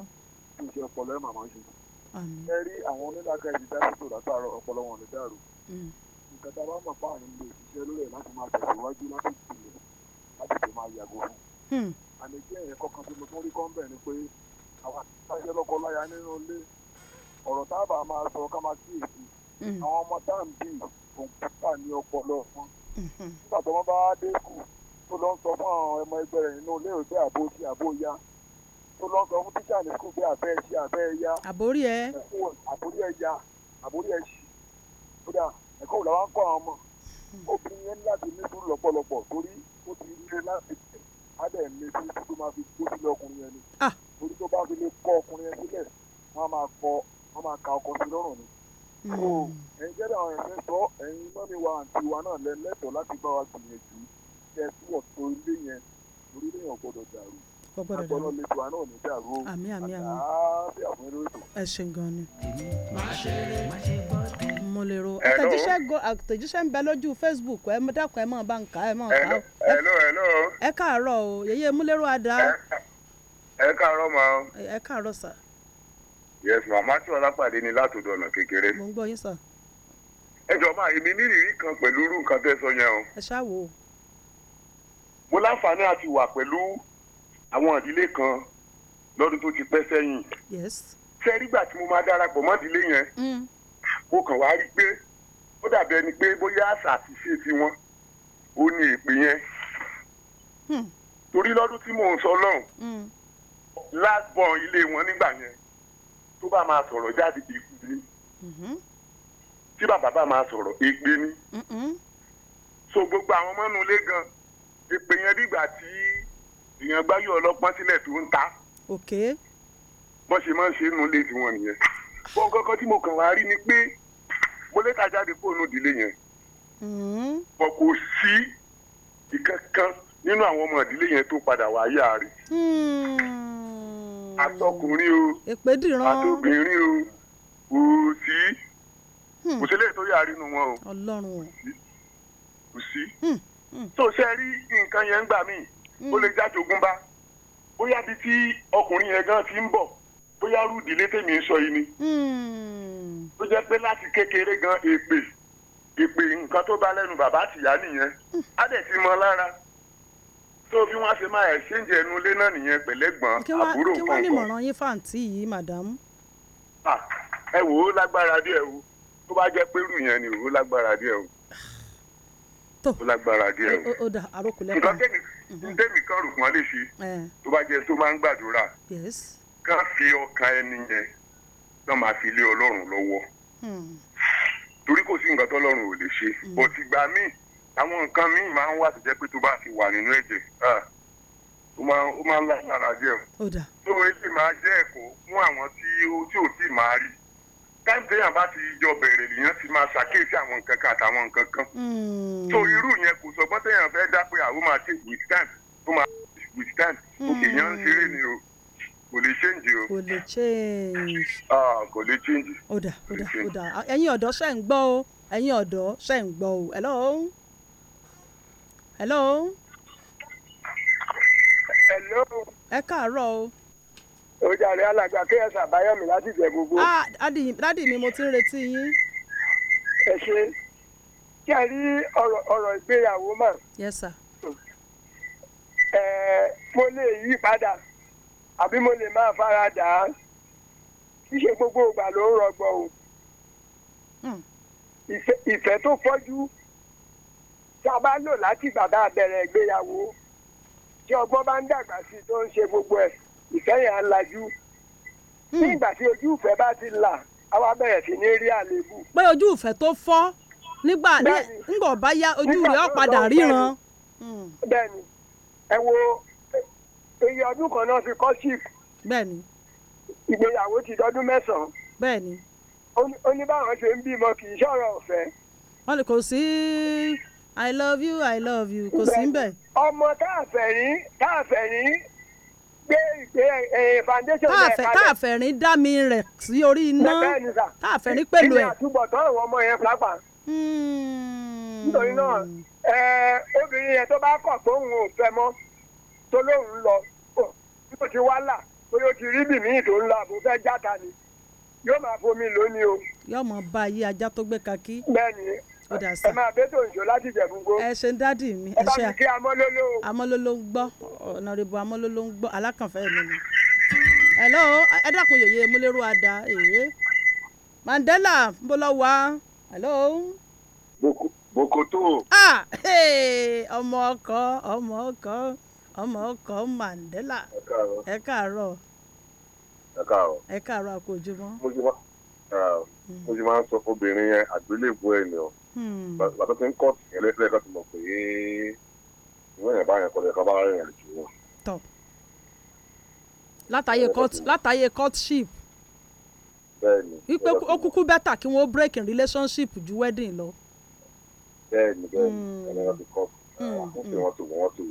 ẹ rí àwọn onílàkà yìí dá ọpọlọ wọn lè dàrú mm. nǹkan tá a bá mọ̀ pa àrùn lè ṣiṣẹ́ lórí ẹ̀ láti máa tẹ̀síwájú láti tìlẹ̀ láti tẹ̀ máa yàgò fún àmì hmm. jẹ́ ẹ̀yẹ kọ̀ọ̀kan tí mo tún rí kọ́ńbẹ̀ ni pé àwọn àtàjẹ́ lọ́kọ láya nínú ilé ọ̀rọ̀ tá máa sọ ká máa kíyèsí hmm. àwọn ọmọ tá à ń ní ọpọlọ wọn hmm. nígbà tó wọn bá dé kù tó lọ ń sọ fún àwọn ọmọ ẹgbẹ́ rẹ̀ nínú ilé òṣè àbó ti àbó ya tó lọ sọ fún tíṣà ní skul pé àfẹ́ ṣe àfẹ́ ya. àbórí ẹ. àbórí ẹ ya àbórí ẹ ṣì kódà ẹ̀kọ́ òun làwọn ń kọ́ àwọn ọmọ hmm. obìnrin yẹn láti ní sùúrù lọ́pọ̀lọpọ̀ torí ó ti rí láti adẹ̀ ní sí tó máa fi gbó sílẹ̀ ọkùnrin yẹn ni ah. torí tó bá fi lè kọ́ ọkùnrin yẹn sílẹ̀ wọ́n máa kọ́ wọ́n máa ka ọkọ sí lọ́rùn ni. Hmm. so ẹ̀yin jẹ́ àwọn ẹ̀fẹ́ sọ ẹ̀yin mọ́mi wa àǹtí wa náà lẹ́lẹ́tọ̀ọ́ láti bá wa kò gbọ́dọ̀ dàrú. àmì àmì àmì. ẹ ṣe gan ni. mo lè ro àtẹ̀jíṣẹ́ àtẹ̀jíṣẹ́ ń bẹ lójú Facebook ẹ dákun ẹ mọ̀ bá ń kà ẹ mọ̀ kà ó. hello ẹ káàárọ̀ o yeye múlẹ́rù àdá. ẹ káàárọ̀ ma. ẹ káàárọ̀ sà. yes ma matthew alápàdé ni látòdò ọ̀nà kékeré. mo ń gbọ́ yín sà. ẹ jọ máa èmi nírìírí kan pẹ̀lú irú nǹkan tẹ́ sọ yẹn o. ẹ ṣáà wò ó. mo láǹfààní àti wà pẹ̀lú àwọn ìdílé kan lọ́dún tó ti pẹ́ sẹ́yìn sẹ́rígbà tí mo máa darapọ̀ mọ́ ìdílé yẹn mm. mo kàn wá rí i pé ó dàbí ẹni pé bóyá àṣà àṣìṣe tiwọn ó ní èpè yẹn hmm. torí lọ́dún tí mò ń sọ lọ́hùn mm. lásbọ̀n ilé wọn nígbà yẹn tó bá máa sọ̀rọ̀ jáde èkú ni mm-hmm. tí bàbá bá máa sọ̀rọ̀ ègbé ni mm-hmm. so gbogbo àwọn ọmọ nulẹ̀ gan èpè yẹn dìgbà tí èèyàn gbáyọ̀ ọlọ́pọ́n sílẹ̀ tó ń ta. bọ́n ṣe máa ń ṣe é nu ilé tiwọn nìyẹn. fóun kankan tí mo kàn wá rí ni pé mo lè tajáde fóònù ìdílé yẹn. Hmm. bọ̀ kò sí ìkankan nínú àwọn ọmọ ìdílé yẹn tó padà wá yá rí. Hmm. àtọkùnrin o àtobìnrin hmm. o kò sí kò sí lè tó yá rí nu wọn o kò sí. tó ṣe rí nǹkan yẹn ń gbà míì ó lè já jogúnbá bóyá bíi tí ọkùnrin yẹn gan ti ń bọ̀ bóyá rúdi létèmí ń sọ yìí ni. Hmm. ó jẹ́ pé láti kékeré gan èpè èpè nǹkan tó bá lẹ́nu bàbá àtìyá nìyẹn á hmm. dẹ̀ ti mọ lára tó bí wọ́n ṣe máa ẹ̀ ṣéǹjẹ ẹnu ilé náà nìyẹn pẹ̀lẹ́gbọ̀n àbúrò nǹkan kí wọ́n ní ìmọ̀ràn yín fàǹtì yìí màdàmú. Ah, ẹ wò ó lágbára díẹ̀ o tó bá jẹ́ pé yẹn ni òun lágbára díẹ̀ o ó lágbára díẹ̀ o nǹkan mhm. tẹ́mi kan rò fún wa lè ṣe tó bá jẹ́ tó máa ń gbàdúrà ká fi ọkàn ẹni yẹn náà máa fi lé ọlọ́run lọ́wọ́ hmm. torí kò sí nǹkan tọ́lọ́run ò lè ṣe hmm. bó ti gbà mí àwọn nǹkan míì máa ń wà tó jẹ́ pé tó bá ti wà nínú ẹ̀jẹ̀ ó máa ń lágbára díẹ̀ o tó o ṣe máa jẹ́ ẹ̀kọ́ fún àwọn tí ó tí ò tí ì máa rí táǹtẹ̀yàn bá ti jọ bẹ̀rẹ̀ lèèyàn ti máa ṣàkíyèsí àwọn nǹkan kan àtàwọn nǹkan kan. Hmm. so irú yẹn kò sọgbọ́n téèyàn fẹ́ dá pé àwọn máa take with time máa take with òkè yẹn ń ṣeré ni o kò lè change o. kò lè change. Ah, kò lè change. ó dà ó ẹ̀yin ọ̀dọ́ ṣe ń gbọ́ o ẹ̀yin ọ̀dọ́ ṣe ń gbọ́ o hello hello. hello. ẹ káàárọ̀ o ó jàre alàgbà ks àbáyọmí láti ìjẹ gbogbo. Ah, dádì mi mo ti ń retí yín. ẹ ṣe kí a rí ọ̀rọ̀ ìgbéyàwó mà. yes sir. ẹ mo lè yí padà àbí mo lè máa fara dà á kí ṣe gbogbo ìgbà ló ń rọgbọ o. Hmm. ìfẹ́ tó fọ́jú tá a bá lò láti bàbá àbẹ̀rẹ̀ ìgbéyàwó tí ọgbọ́n bá ń dàgbà sí i tó ń ṣe gbogbo ẹ̀ ìfẹ́ yẹn á lajú ní hmm. ìgbà tí ojú ìfẹ́ bá ti là àwa bẹ̀rẹ̀ sí ní rí àléébù. pé ojú ìfẹ́ tó fọ́ nígbà nígbà ọba ya ojú rẹ̀ ó ríran. Hmm. bẹ́ẹ̀ni ẹ wo iye ọdún kan náà fi kọ́ ship. bẹ́ẹ̀ni. ìgbéyàwó ti dọdún mẹ́sàn-án. bẹ́ẹ̀ni. ó ní báwọn ṣe ń bímọ kì í ṣọ̀rọ̀ ọ̀fẹ́. wọ́n lè kò sí i love you i love you kò sí ń bẹ̀. ọmọ tá a fẹ̀ rí tá a fẹ̀ rí gbé ìgbé foundation yẹn kalẹ̀. tá a fẹ́ rin dá mi rẹ̀ sí orí iná tá a fẹ́ rin pẹ̀lú ẹ̀. ìyá àtúbọ̀ tán àwọn ọmọ yẹn pàápàá. Hmm. nítorí náà obìnrin yẹn tó bá kọ̀ pé òun ò fẹ́ mọ́ tó lóun lọ tó ti wá là bóyá ó ti rí bìmí tó ń lọ játa ni yóò máa fomi lónìí o. yóò máa bá ayé ajá tó gbé kakí. bẹ́ẹ̀ni ẹ máa bẹ́tò ìjọ láti jẹ̀bùngbò. ẹ ṣe ń dádì mi ẹ ṣe amọ́lóló ń gbọ́ ọ̀nàrẹ́bù amọ́lóló ń gbọ́ alákànfẹ́ mi ni. ẹ ada Mandela ń bọ́ lọ ọmọ ọkọ ọmọ ọkọ ọmọ ọkọ Mandela ẹ ẹ ẹ bàtà tó ń kọ́ tìyẹn lẹ́sẹ̀ lẹ́kọ̀ọ́ ti mọ̀ pé ìwé yẹn bá yẹn kọ́ lẹ́kọ̀ọ́ bá rìn àjò wọn. tọ́ látàyè courtship bẹ́ẹ̀ni wípé ó kúkú bẹ́tà kí wọ́n break in relationship ju wedding lọ. bẹ́ẹ̀ni bẹ́ẹ̀ni ẹlẹ́yọ̀ ti kọ́ wọ́n ti wọ́n ti wọ́n ti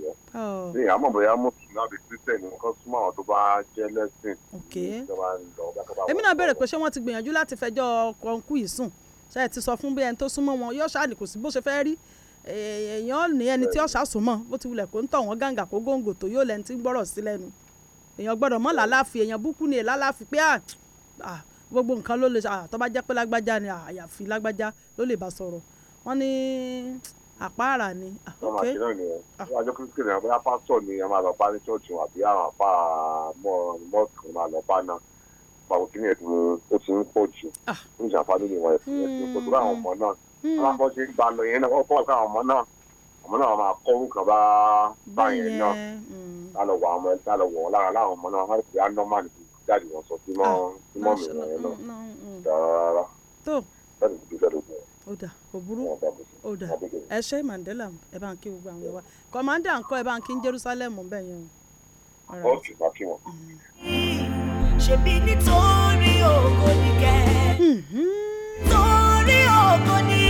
ní àmọ́ bóyá mùsùlùmí àbí christian ni nǹkan súnmọ́ àwọn tó bá jẹ́ lẹ́sìn. èmi náà béèrè pé ṣé wọ́n ti gbìyànjú láti fẹjọ́ kọ̀ǹkù yìí sùn ṣe ti sọ fún bí ẹni tó súnmọ́ wọn yóò ni ní kò sí bó ṣe fẹ́ rí èèyàn ní ẹni tí ọ̀ṣà súnmọ́ bó ti wulẹ̀ kó ń tọ̀ wọ́n gàǹgà kó góńgò tó yóò lẹ́ni tí ń gbọ́rọ̀ sí lẹ́nu èèyàn gbọ́dọ̀ mọ́ làláfi èèyàn búkú ni làláfi pé à ah, ah, gbogbo nǹkan ló lè ah, tó bá jẹ́ pé lágbájá ni àyàfi lágbájá ló lè bá sọ̀rọ̀ wọ́n ní àpáàrà ni. ọmọ àti náà nìyẹn wọn àjọ kristu ni bàbùkínì ẹ̀dùn ó ti ń pọ̀ jù ah. ó ń ṣàǹfààní ìwọ̀n ẹ̀sìn ẹ̀sìn kò tó láwọn ọmọ náà hmm. Hmm. alákọ̀ọ́ ṣe ń gba lọ yẹn náà wọ́n kọ́ àwọn ọmọ náà ọmọ náà máa kọ́ orúkọ bá bá yẹn náà lálọ́ hmm. wọ àwọn lálọ́ wọ̀ lára láwọn ọmọ náà wọ́n ti á nọ́mà ní jáde wọn sọ sí mọ́ ah, sí mọ́ mi wọ̀nyẹn náà rárá láti fi dúpẹ́ lóko. ó dà kò burú ó dà ẹ ṣe Mandela ẹ bá ń kí gbogbo àwọn wa kọ̀mándà ńkọ́ ẹ bá ń kí Jerusalem bẹ́ẹ̀ yẹn o. ó ti bá kí wọn ṣebí nítorí ògo ni kẹ́. Hmm. torí ògo ni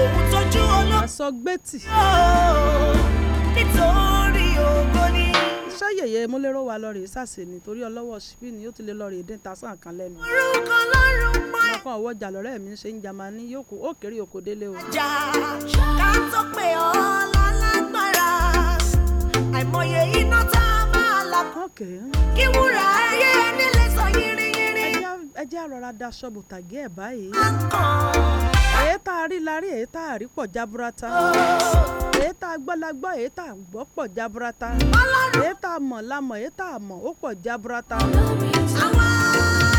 òun tọ́jú olóko. àsọgbẹ́tì. nítorí ògo ni. iṣẹ́ yẹ̀yẹ́ múlẹ́rọ̀ wa lọ rèé sàṣẹ nítorí ọlọ́wọ́ ṣíbí ni ó ti lè lọ rèé dín tasán kan lẹ́nu. orúkọ lọ́rùn pẹ́. ọkàn ọwọ́ jà lọ́rẹ́ mi ṣe ń jamani yóò kó ó kéré oko délé o. jà ká tó pè ọ́ lálágbára àìmọye iná tá lákùn. kí wúrà ayé nílé sọ yìnrìnyìnrìn. ẹ jẹ́ àrọ̀rà daṣọ bùtàgé ẹ̀ báyìí. èyí tá a rí la èyí tá a rí pọ̀ jaburata. Oh. èyí tá a gbọ́ la gbọ́ èyí tá a gbọ́ pọ̀ jaburata. èyí tá a mọ̀ la mọ̀ èyí tá a mọ̀ ó pọ̀ jaburata. àwọn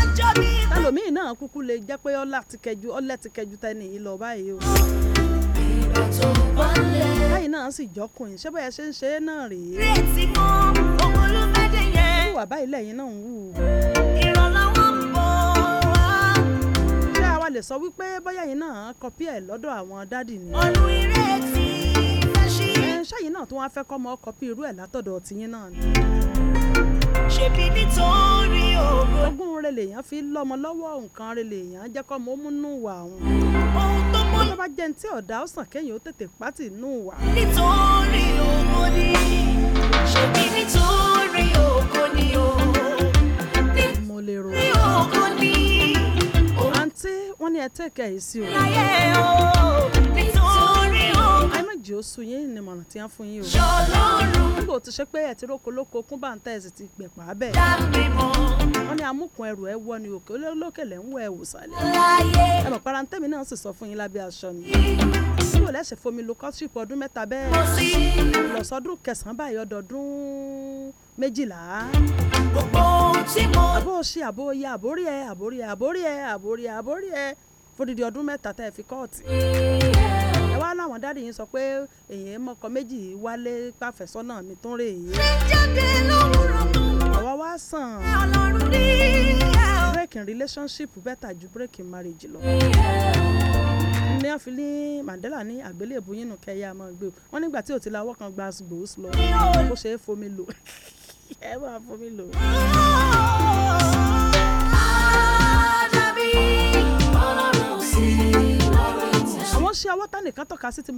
àjọ mi. tẹlomiin náà kúkú lè jẹ́ pé ọlá ti kẹjú ọlẹ́ ti kẹjú tẹ́ nìyí lọ báyìí o. ìgbà tẹ́yìn náà sì jọkùnrin ṣé bóyá ṣe ń ṣe é náà rèé. ilé tí mo owó ló bá dé yẹn. wíwà báyìí lẹ́yìn náà ń wù. ìrànlọ́wọ́ ń bọ̀ wá. ṣé àwa lè sọ wípé bóyá yìí náà kọpí ẹ̀ lọ́dọ̀ àwọn dádì ni. ọ̀nù ìrètí fẹ́ ṣí. ṣẹ́yìn náà tó wá fẹ́ kọ́ mọ́ kọpí irú ẹ̀ látọ̀dọ̀ tiyín náà ni. ṣèbí nítorí ògo. ogún rẹ̀ fi lọ́mọ lọ́wọ́ nǹkan rẹ̀ jẹ́ kọ́ mọ́ múnú wà àwọn. ohun tó bá jẹ́ ní tí ọ̀dà ó sàn kéèyàn ó tètè pátì inú wa. nítorí ògo ni ṣèbí nítorí ògo ni o. mo ní ògo ni. àǹtí wọ́n ní ẹ tẹ́kẹ̀ yìí sí o. láyé o nítorí kejì oṣù yín ni ìmọ̀ràn tí wọ́n fún yín o. ṣọlọ́run. nígbà tó ṣe pé ẹ̀ ti kún bá ń tẹ̀ sí ti gbẹ̀pà bẹ́ẹ̀. dábìbò. wọ́n ní amúkun ẹrù ẹ wọ ni òkè olólókè lẹ́ ń wọ ẹ̀wò sálẹ̀. láyé. ẹ mọ̀ para ntẹ́mi náà sì sọ fún yín lábẹ́ aṣọ ni. síbò lẹ́sẹ̀ fomi lo kọ́tíìpù ọdún mẹ́ta bẹ́ẹ̀. mo sì. lọ́sọdún kẹsàn méjìlá. gbogbo tí mo. àbó ṣe àbó ya àbórí ẹ àbórí ẹ àbórí ẹ àbórí ẹ àbórí ẹ ọdún mẹ́ta tá ẹ fi kọ́ọ̀tì láwọn dáàdì yín sọ pé èyàn mọ́kọ méjì wálé pàfẹ́sọ́nà mi tó ń rè é. àwa wá sàn break in relationship better ju break in marriage lọ. ní àfi Mandela ní àgbélébù yín nù kẹyà máa gbé o wọn nígbà tí ò ti la ọwọ́ kan gba gbòòs lọ bó ṣe é fomi lò ẹ máa fomi lò. Àdàbí ọlọ́run oníṣẹ́ ọwọ́ tánìkan tọ́ka sí tí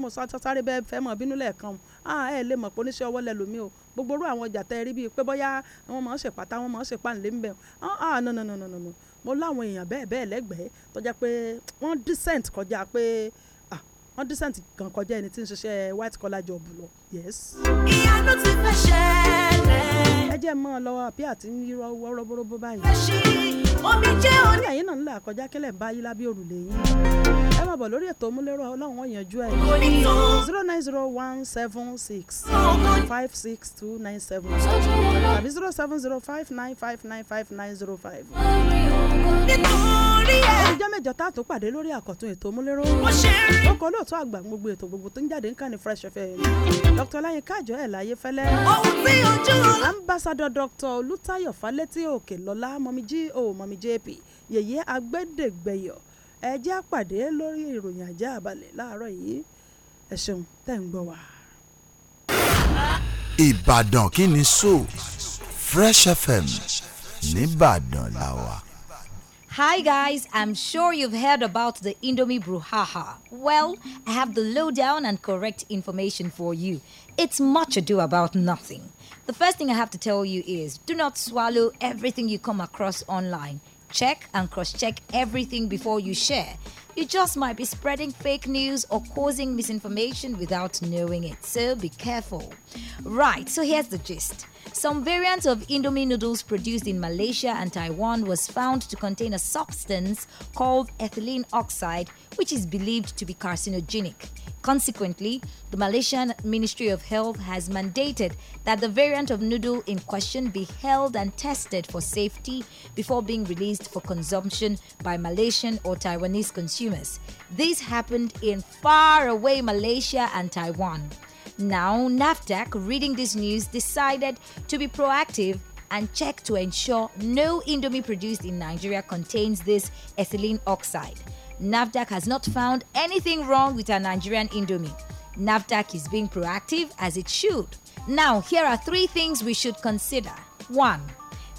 mo sáré bẹ́ẹ̀ fẹ́ mọ̀ bínú lẹ́ẹ̀kan o ẹ lè mọ̀ pé oníṣẹ́ ọwọ́ lẹ́lòmí o gbogbo orú àwọn ọjà tẹ́ rí bíi pé bóyá wọ́n máa ń ṣèpàtà wọ́n máa ń ṣèpàǹlé ńbẹ̀ no mo láwọn èèyàn bẹ́ẹ̀ bẹ́ẹ̀ lẹ́gbẹ̀ẹ́ tọ́já pé wọ́n decent kọjá pé wọ́n decent kan kọjá ẹni tí ń ṣiṣẹ́ white collar job lọ yes. ìyanu ti fẹ́ ṣẹlẹ̀. ẹ jẹ́ mọ́ ọ lọ́wọ́ àbí àti ń yírọ́ wọ́rọ́bọ́rọ́bọ́ báyìí. omi jẹ́ òní. ẹ̀yin náà ń là kọjá kẹ́lẹ̀ ń bá yí lábẹ́ òrùlé yín máa lórí ètò múlẹ́rọ̀ ọlọ́run ọ̀yànjú ẹ̀ zero nine zero one seven six five six two nine seven tàbí zero seven zero five nine five nine five nine zero five. ọjọ́ mẹ́jọ tá a tó pàdé lórí àkọ́tún ètò múlẹ́rọ̀ ọkọ̀ olóòtú àgbà gbogbo ètò gbogbo tó ń jáde nǹkan ní fresh fm dr láyínká àjọ ẹ̀ láyé fẹ́lẹ́ ambassador dr olùtayọ̀ falẹ́tí òkè lọ́lá mọ̀mí g o mọ̀mí jp yèyé agbẹ́dẹ̀gbẹ̀yọ̀ ẹ lórí ìròyìn ajá àbálẹ̀ láàárọ̀ yìí ẹ ṣeun tẹ́ ń gbọ́ wá. Ìbàdàn kí ni so Fresh FM nìbàdàn la wà. Hi guys, I'm sure you've heard about the Indomie brouhaha. Well, I have the lowdown and correct information for you. It's much ado about nothing. The first thing I have to tell you is do not swallow everything you come across online check and cross check everything before you share. You just might be spreading fake news or causing misinformation without knowing it, so be careful. Right, so here's the gist. Some variants of Indomie noodles produced in Malaysia and Taiwan was found to contain a substance called ethylene oxide, which is believed to be carcinogenic. Consequently, the Malaysian Ministry of Health has mandated that the variant of noodle in question be held and tested for safety before being released for consumption by Malaysian or Taiwanese consumers. This happened in faraway Malaysia and Taiwan. Now, NAFDAC, reading this news, decided to be proactive and check to ensure no Indomie produced in Nigeria contains this ethylene oxide. NAFDAC has not found anything wrong with our Nigerian Indomie. NAFDAC is being proactive as it should. Now, here are three things we should consider. 1.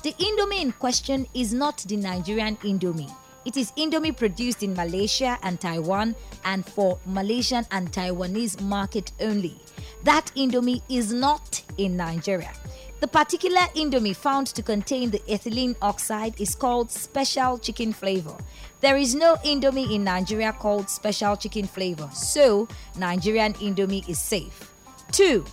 The Indomie in question is not the Nigerian Indomie. It is Indomie produced in Malaysia and Taiwan and for Malaysian and Taiwanese market only. That Indomie is not in Nigeria. The particular Indomie found to contain the ethylene oxide is called special chicken flavor. There is no Indomie in Nigeria called special chicken flavor, so Nigerian Indomie is safe. 2.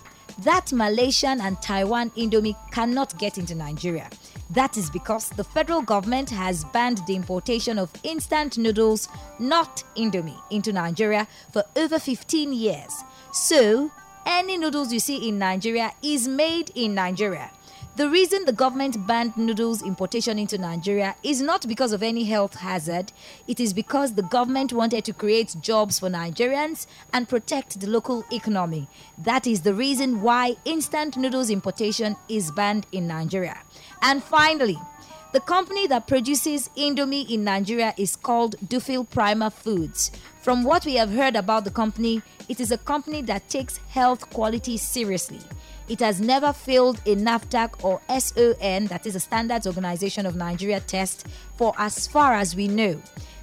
That Malaysian and Taiwan Indomie cannot get into Nigeria. That is because the federal government has banned the importation of instant noodles, not Indomie, into Nigeria for over 15 years. So, any noodles you see in Nigeria is made in Nigeria. The reason the government banned noodles importation into Nigeria is not because of any health hazard, it is because the government wanted to create jobs for Nigerians and protect the local economy. That is the reason why instant noodles importation is banned in Nigeria. And finally, the company that produces Indomie in Nigeria is called Dufil Prima Foods. From what we have heard about the company, it is a company that takes health quality seriously. It has never failed a NAFTAC or SON, that is a Standards Organization of Nigeria test, for as far as we know.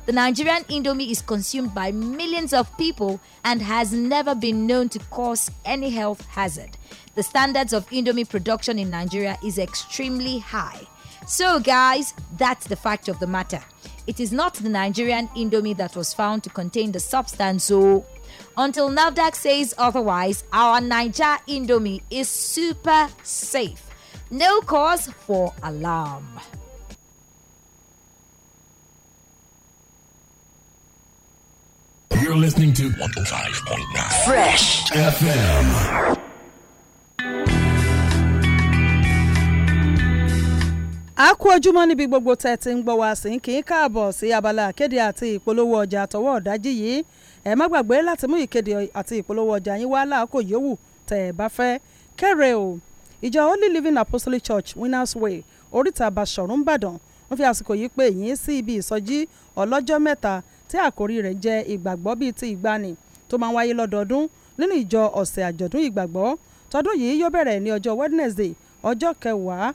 The Nigerian Indomie is consumed by millions of people and has never been known to cause any health hazard. The standards of Indomie production in Nigeria is extremely high. So, guys, that's the fact of the matter. It is not the Nigerian Indomie that was found to contain the substance, so oh. until NAVDAC says otherwise, our Niger Indomie is super safe. No cause for alarm. You're listening to 105.9 Fresh FM. a kú ojúmọ́ níbi gbogbo tẹ́ ti ń gbọ́ wá sí kí n káàbọ̀ sí abala àkéde àti ìpolówó ọjà àtọwọ́ ọ̀dájí yìí ẹ má gbàgbé láti mú ìkéde àti ìpolówó ọjà yín wá láàkó yòówù tẹ́ ẹ bá fẹ́ kéré o ìjọ Holy Living Apostolic Church Winners Way oríta Basọ̀rún Ìbàdàn wọ́n fi àsìkò yìí pé yín sí ibi ìsọjí ọlọ́jọ́ mẹ́ta tí àkórí rẹ̀ jẹ́ ìgbàgbọ́ bíi ti ìgbani tó máa ń wáyé lọ́dọọdún nínú ìjọ ọ̀sẹ̀ àjọ̀dún ìgbàgbọ́ tọdún yìí yóò bẹ̀rẹ̀ ní ọjọ́ Wednesday ọjọ́ kẹwàá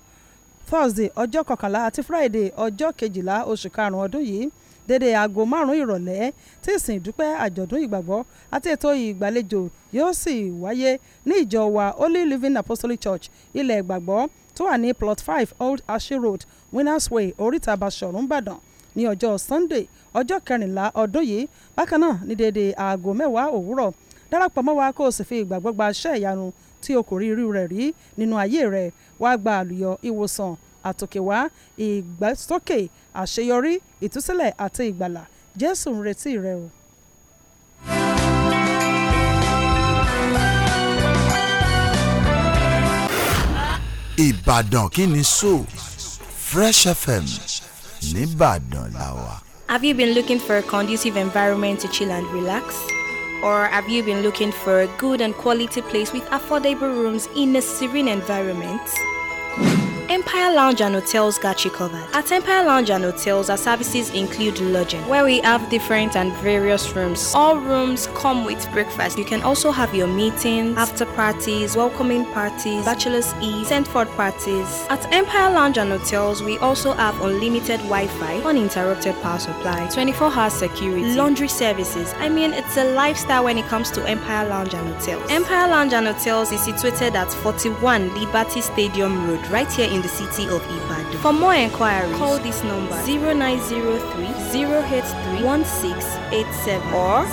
thursday ọjọ́ kọkànlá àti friday ọjọ́ kejìlá oṣù karùn-ún ọdún yìí dédé aago márùn-ún ìrọ̀lẹ́ tí ìsìn ìdúpẹ́ àjọ̀dún ìgbàgbọ́ àti ètò ìgbàlejò yóò sì wáyé ní ìjọ wa holy living apostolic church ilẹ̀ ìgbàgbọ́ tó wà ní plot five old ashi road winners way oríta basọ̀rún ìbàdàn ní ọjọ́ sunday ọjọ́ kẹrìnlá ọdún yìí bákan náà ní dédé aago mẹ́wàá òwúrọ̀ darapọ̀ mọ́ wa kó o sì fi ìgbàgbọ́ gba iṣẹ́ ìyanu tí o kò rí irú rẹ̀ rí nínú ayé rẹ̀ wá gba àlùyọ ìwòsàn àtòkèwá ìgbésókè àṣeyọrí ìtúsílẹ̀ àti ìgbàlà Jésù ń retí rẹ o. Ìbàdàn kí ni so Fresh FM nìbàdàn làwà. Have you been looking for a conducive environment to chill and relax? Or have you been looking for a good and quality place with affordable rooms in a serene environment? Empire Lounge and Hotels got you covered. At Empire Lounge and Hotels, our services include lodging, where we have different and various rooms. All rooms come with breakfast. You can also have your meetings, after parties, welcoming parties, bachelor's eve, Sandford parties. At Empire Lounge and Hotels, we also have unlimited Wi-Fi, uninterrupted power supply, 24-hour security, laundry services. I mean, it's a lifestyle when it comes to Empire Lounge and Hotels. Empire Lounge and Hotels is situated at 41 Liberty Stadium Road, right here in in the city of Ibadan. For more inquiries, call this number 0903-083-1687 or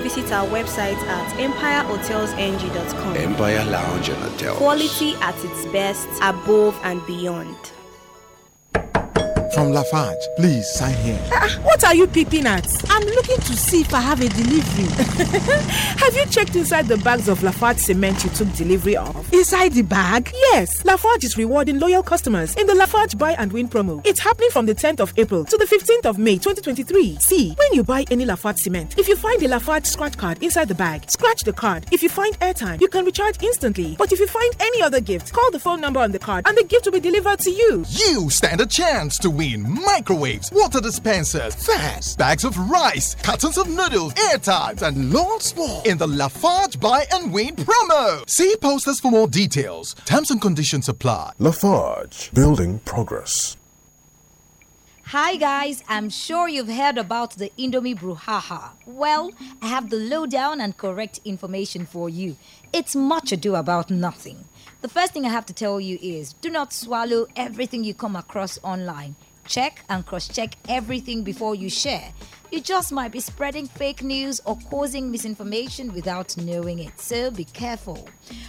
0802-854-2788. Visit our website at empirehotelsng.com. Empire Lounge and Hotel. Quality at its best, above and beyond from Lafarge. Please sign here. Uh, what are you peeping at? I'm looking to see if I have a delivery. have you checked inside the bags of Lafarge cement you took delivery of? Inside the bag? Yes. Lafarge is rewarding loyal customers in the Lafarge Buy and Win promo. It's happening from the 10th of April to the 15th of May 2023. See, when you buy any Lafarge cement, if you find a Lafarge scratch card inside the bag, scratch the card. If you find airtime, you can recharge instantly. But if you find any other gift, call the phone number on the card and the gift will be delivered to you. You stand a chance to win clean, microwaves, water dispensers, fast, bags of rice, cartons of noodles, airtimes, and lots more in the Lafarge Buy and Win promo. See posters for more details. Terms and conditions apply. Lafarge, building progress. Hi guys, I'm sure you've heard about the Indomie Bruhaha. Well, I have the lowdown and correct information for you. It's much ado about nothing. The first thing I have to tell you is do not swallow everything you come across online check and cross check everything before you share. You just might be spreading fake news or causing misinformation without knowing it, so be careful.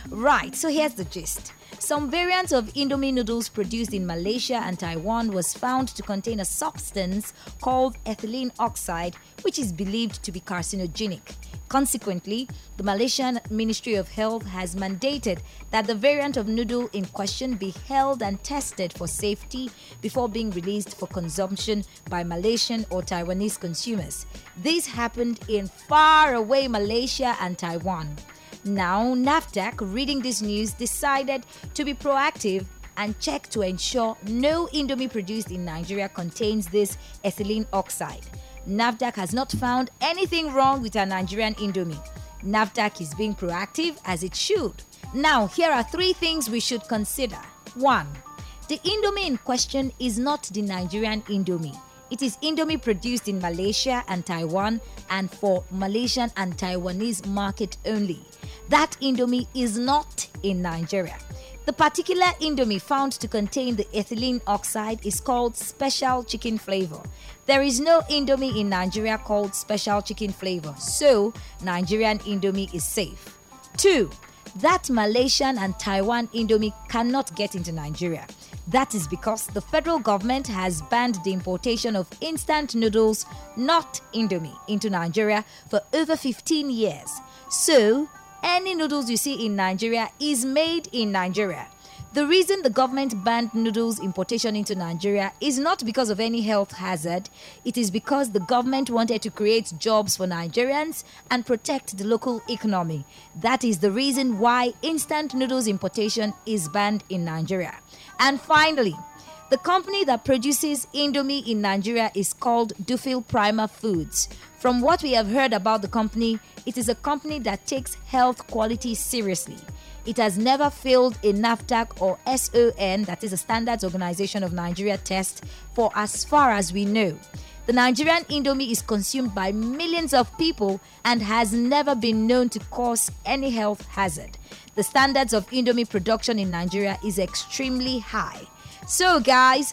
Right, so here's the gist. Some variants of Indomie noodles produced in Malaysia and Taiwan was found to contain a substance called ethylene oxide, which is believed to be carcinogenic. Consequently, the Malaysian Ministry of Health has mandated that the variant of noodle in question be held and tested for safety before being released for consumption by Malaysian or Taiwanese consumers. This happened in faraway Malaysia and Taiwan. Now, NAFTAC, reading this news, decided to be proactive and check to ensure no Indomie produced in Nigeria contains this ethylene oxide. NAFDAC has not found anything wrong with our Nigerian Indomie. NAFDAC is being proactive as it should. Now, here are three things we should consider. 1. The Indomie in question is not the Nigerian Indomie. It is Indomie produced in Malaysia and Taiwan and for Malaysian and Taiwanese market only. That Indomie is not in Nigeria. The particular Indomie found to contain the ethylene oxide is called special chicken flavor. There is no Indomie in Nigeria called special chicken flavor, so Nigerian Indomie is safe. 2. That Malaysian and Taiwan Indomie cannot get into Nigeria. That is because the federal government has banned the importation of instant noodles, not Indomie, into Nigeria for over 15 years. So, any noodles you see in Nigeria is made in Nigeria. The reason the government banned noodles importation into Nigeria is not because of any health hazard, it is because the government wanted to create jobs for Nigerians and protect the local economy. That is the reason why instant noodles importation is banned in Nigeria. And finally, the company that produces Indomie in Nigeria is called Dufil Prima Foods. From what we have heard about the company, it is a company that takes health quality seriously. It has never failed a NAFDAC or SON, that is a Standards Organization of Nigeria test, for as far as we know. The Nigerian Indomie is consumed by millions of people and has never been known to cause any health hazard. The standards of Indomie production in Nigeria is extremely high. So, guys,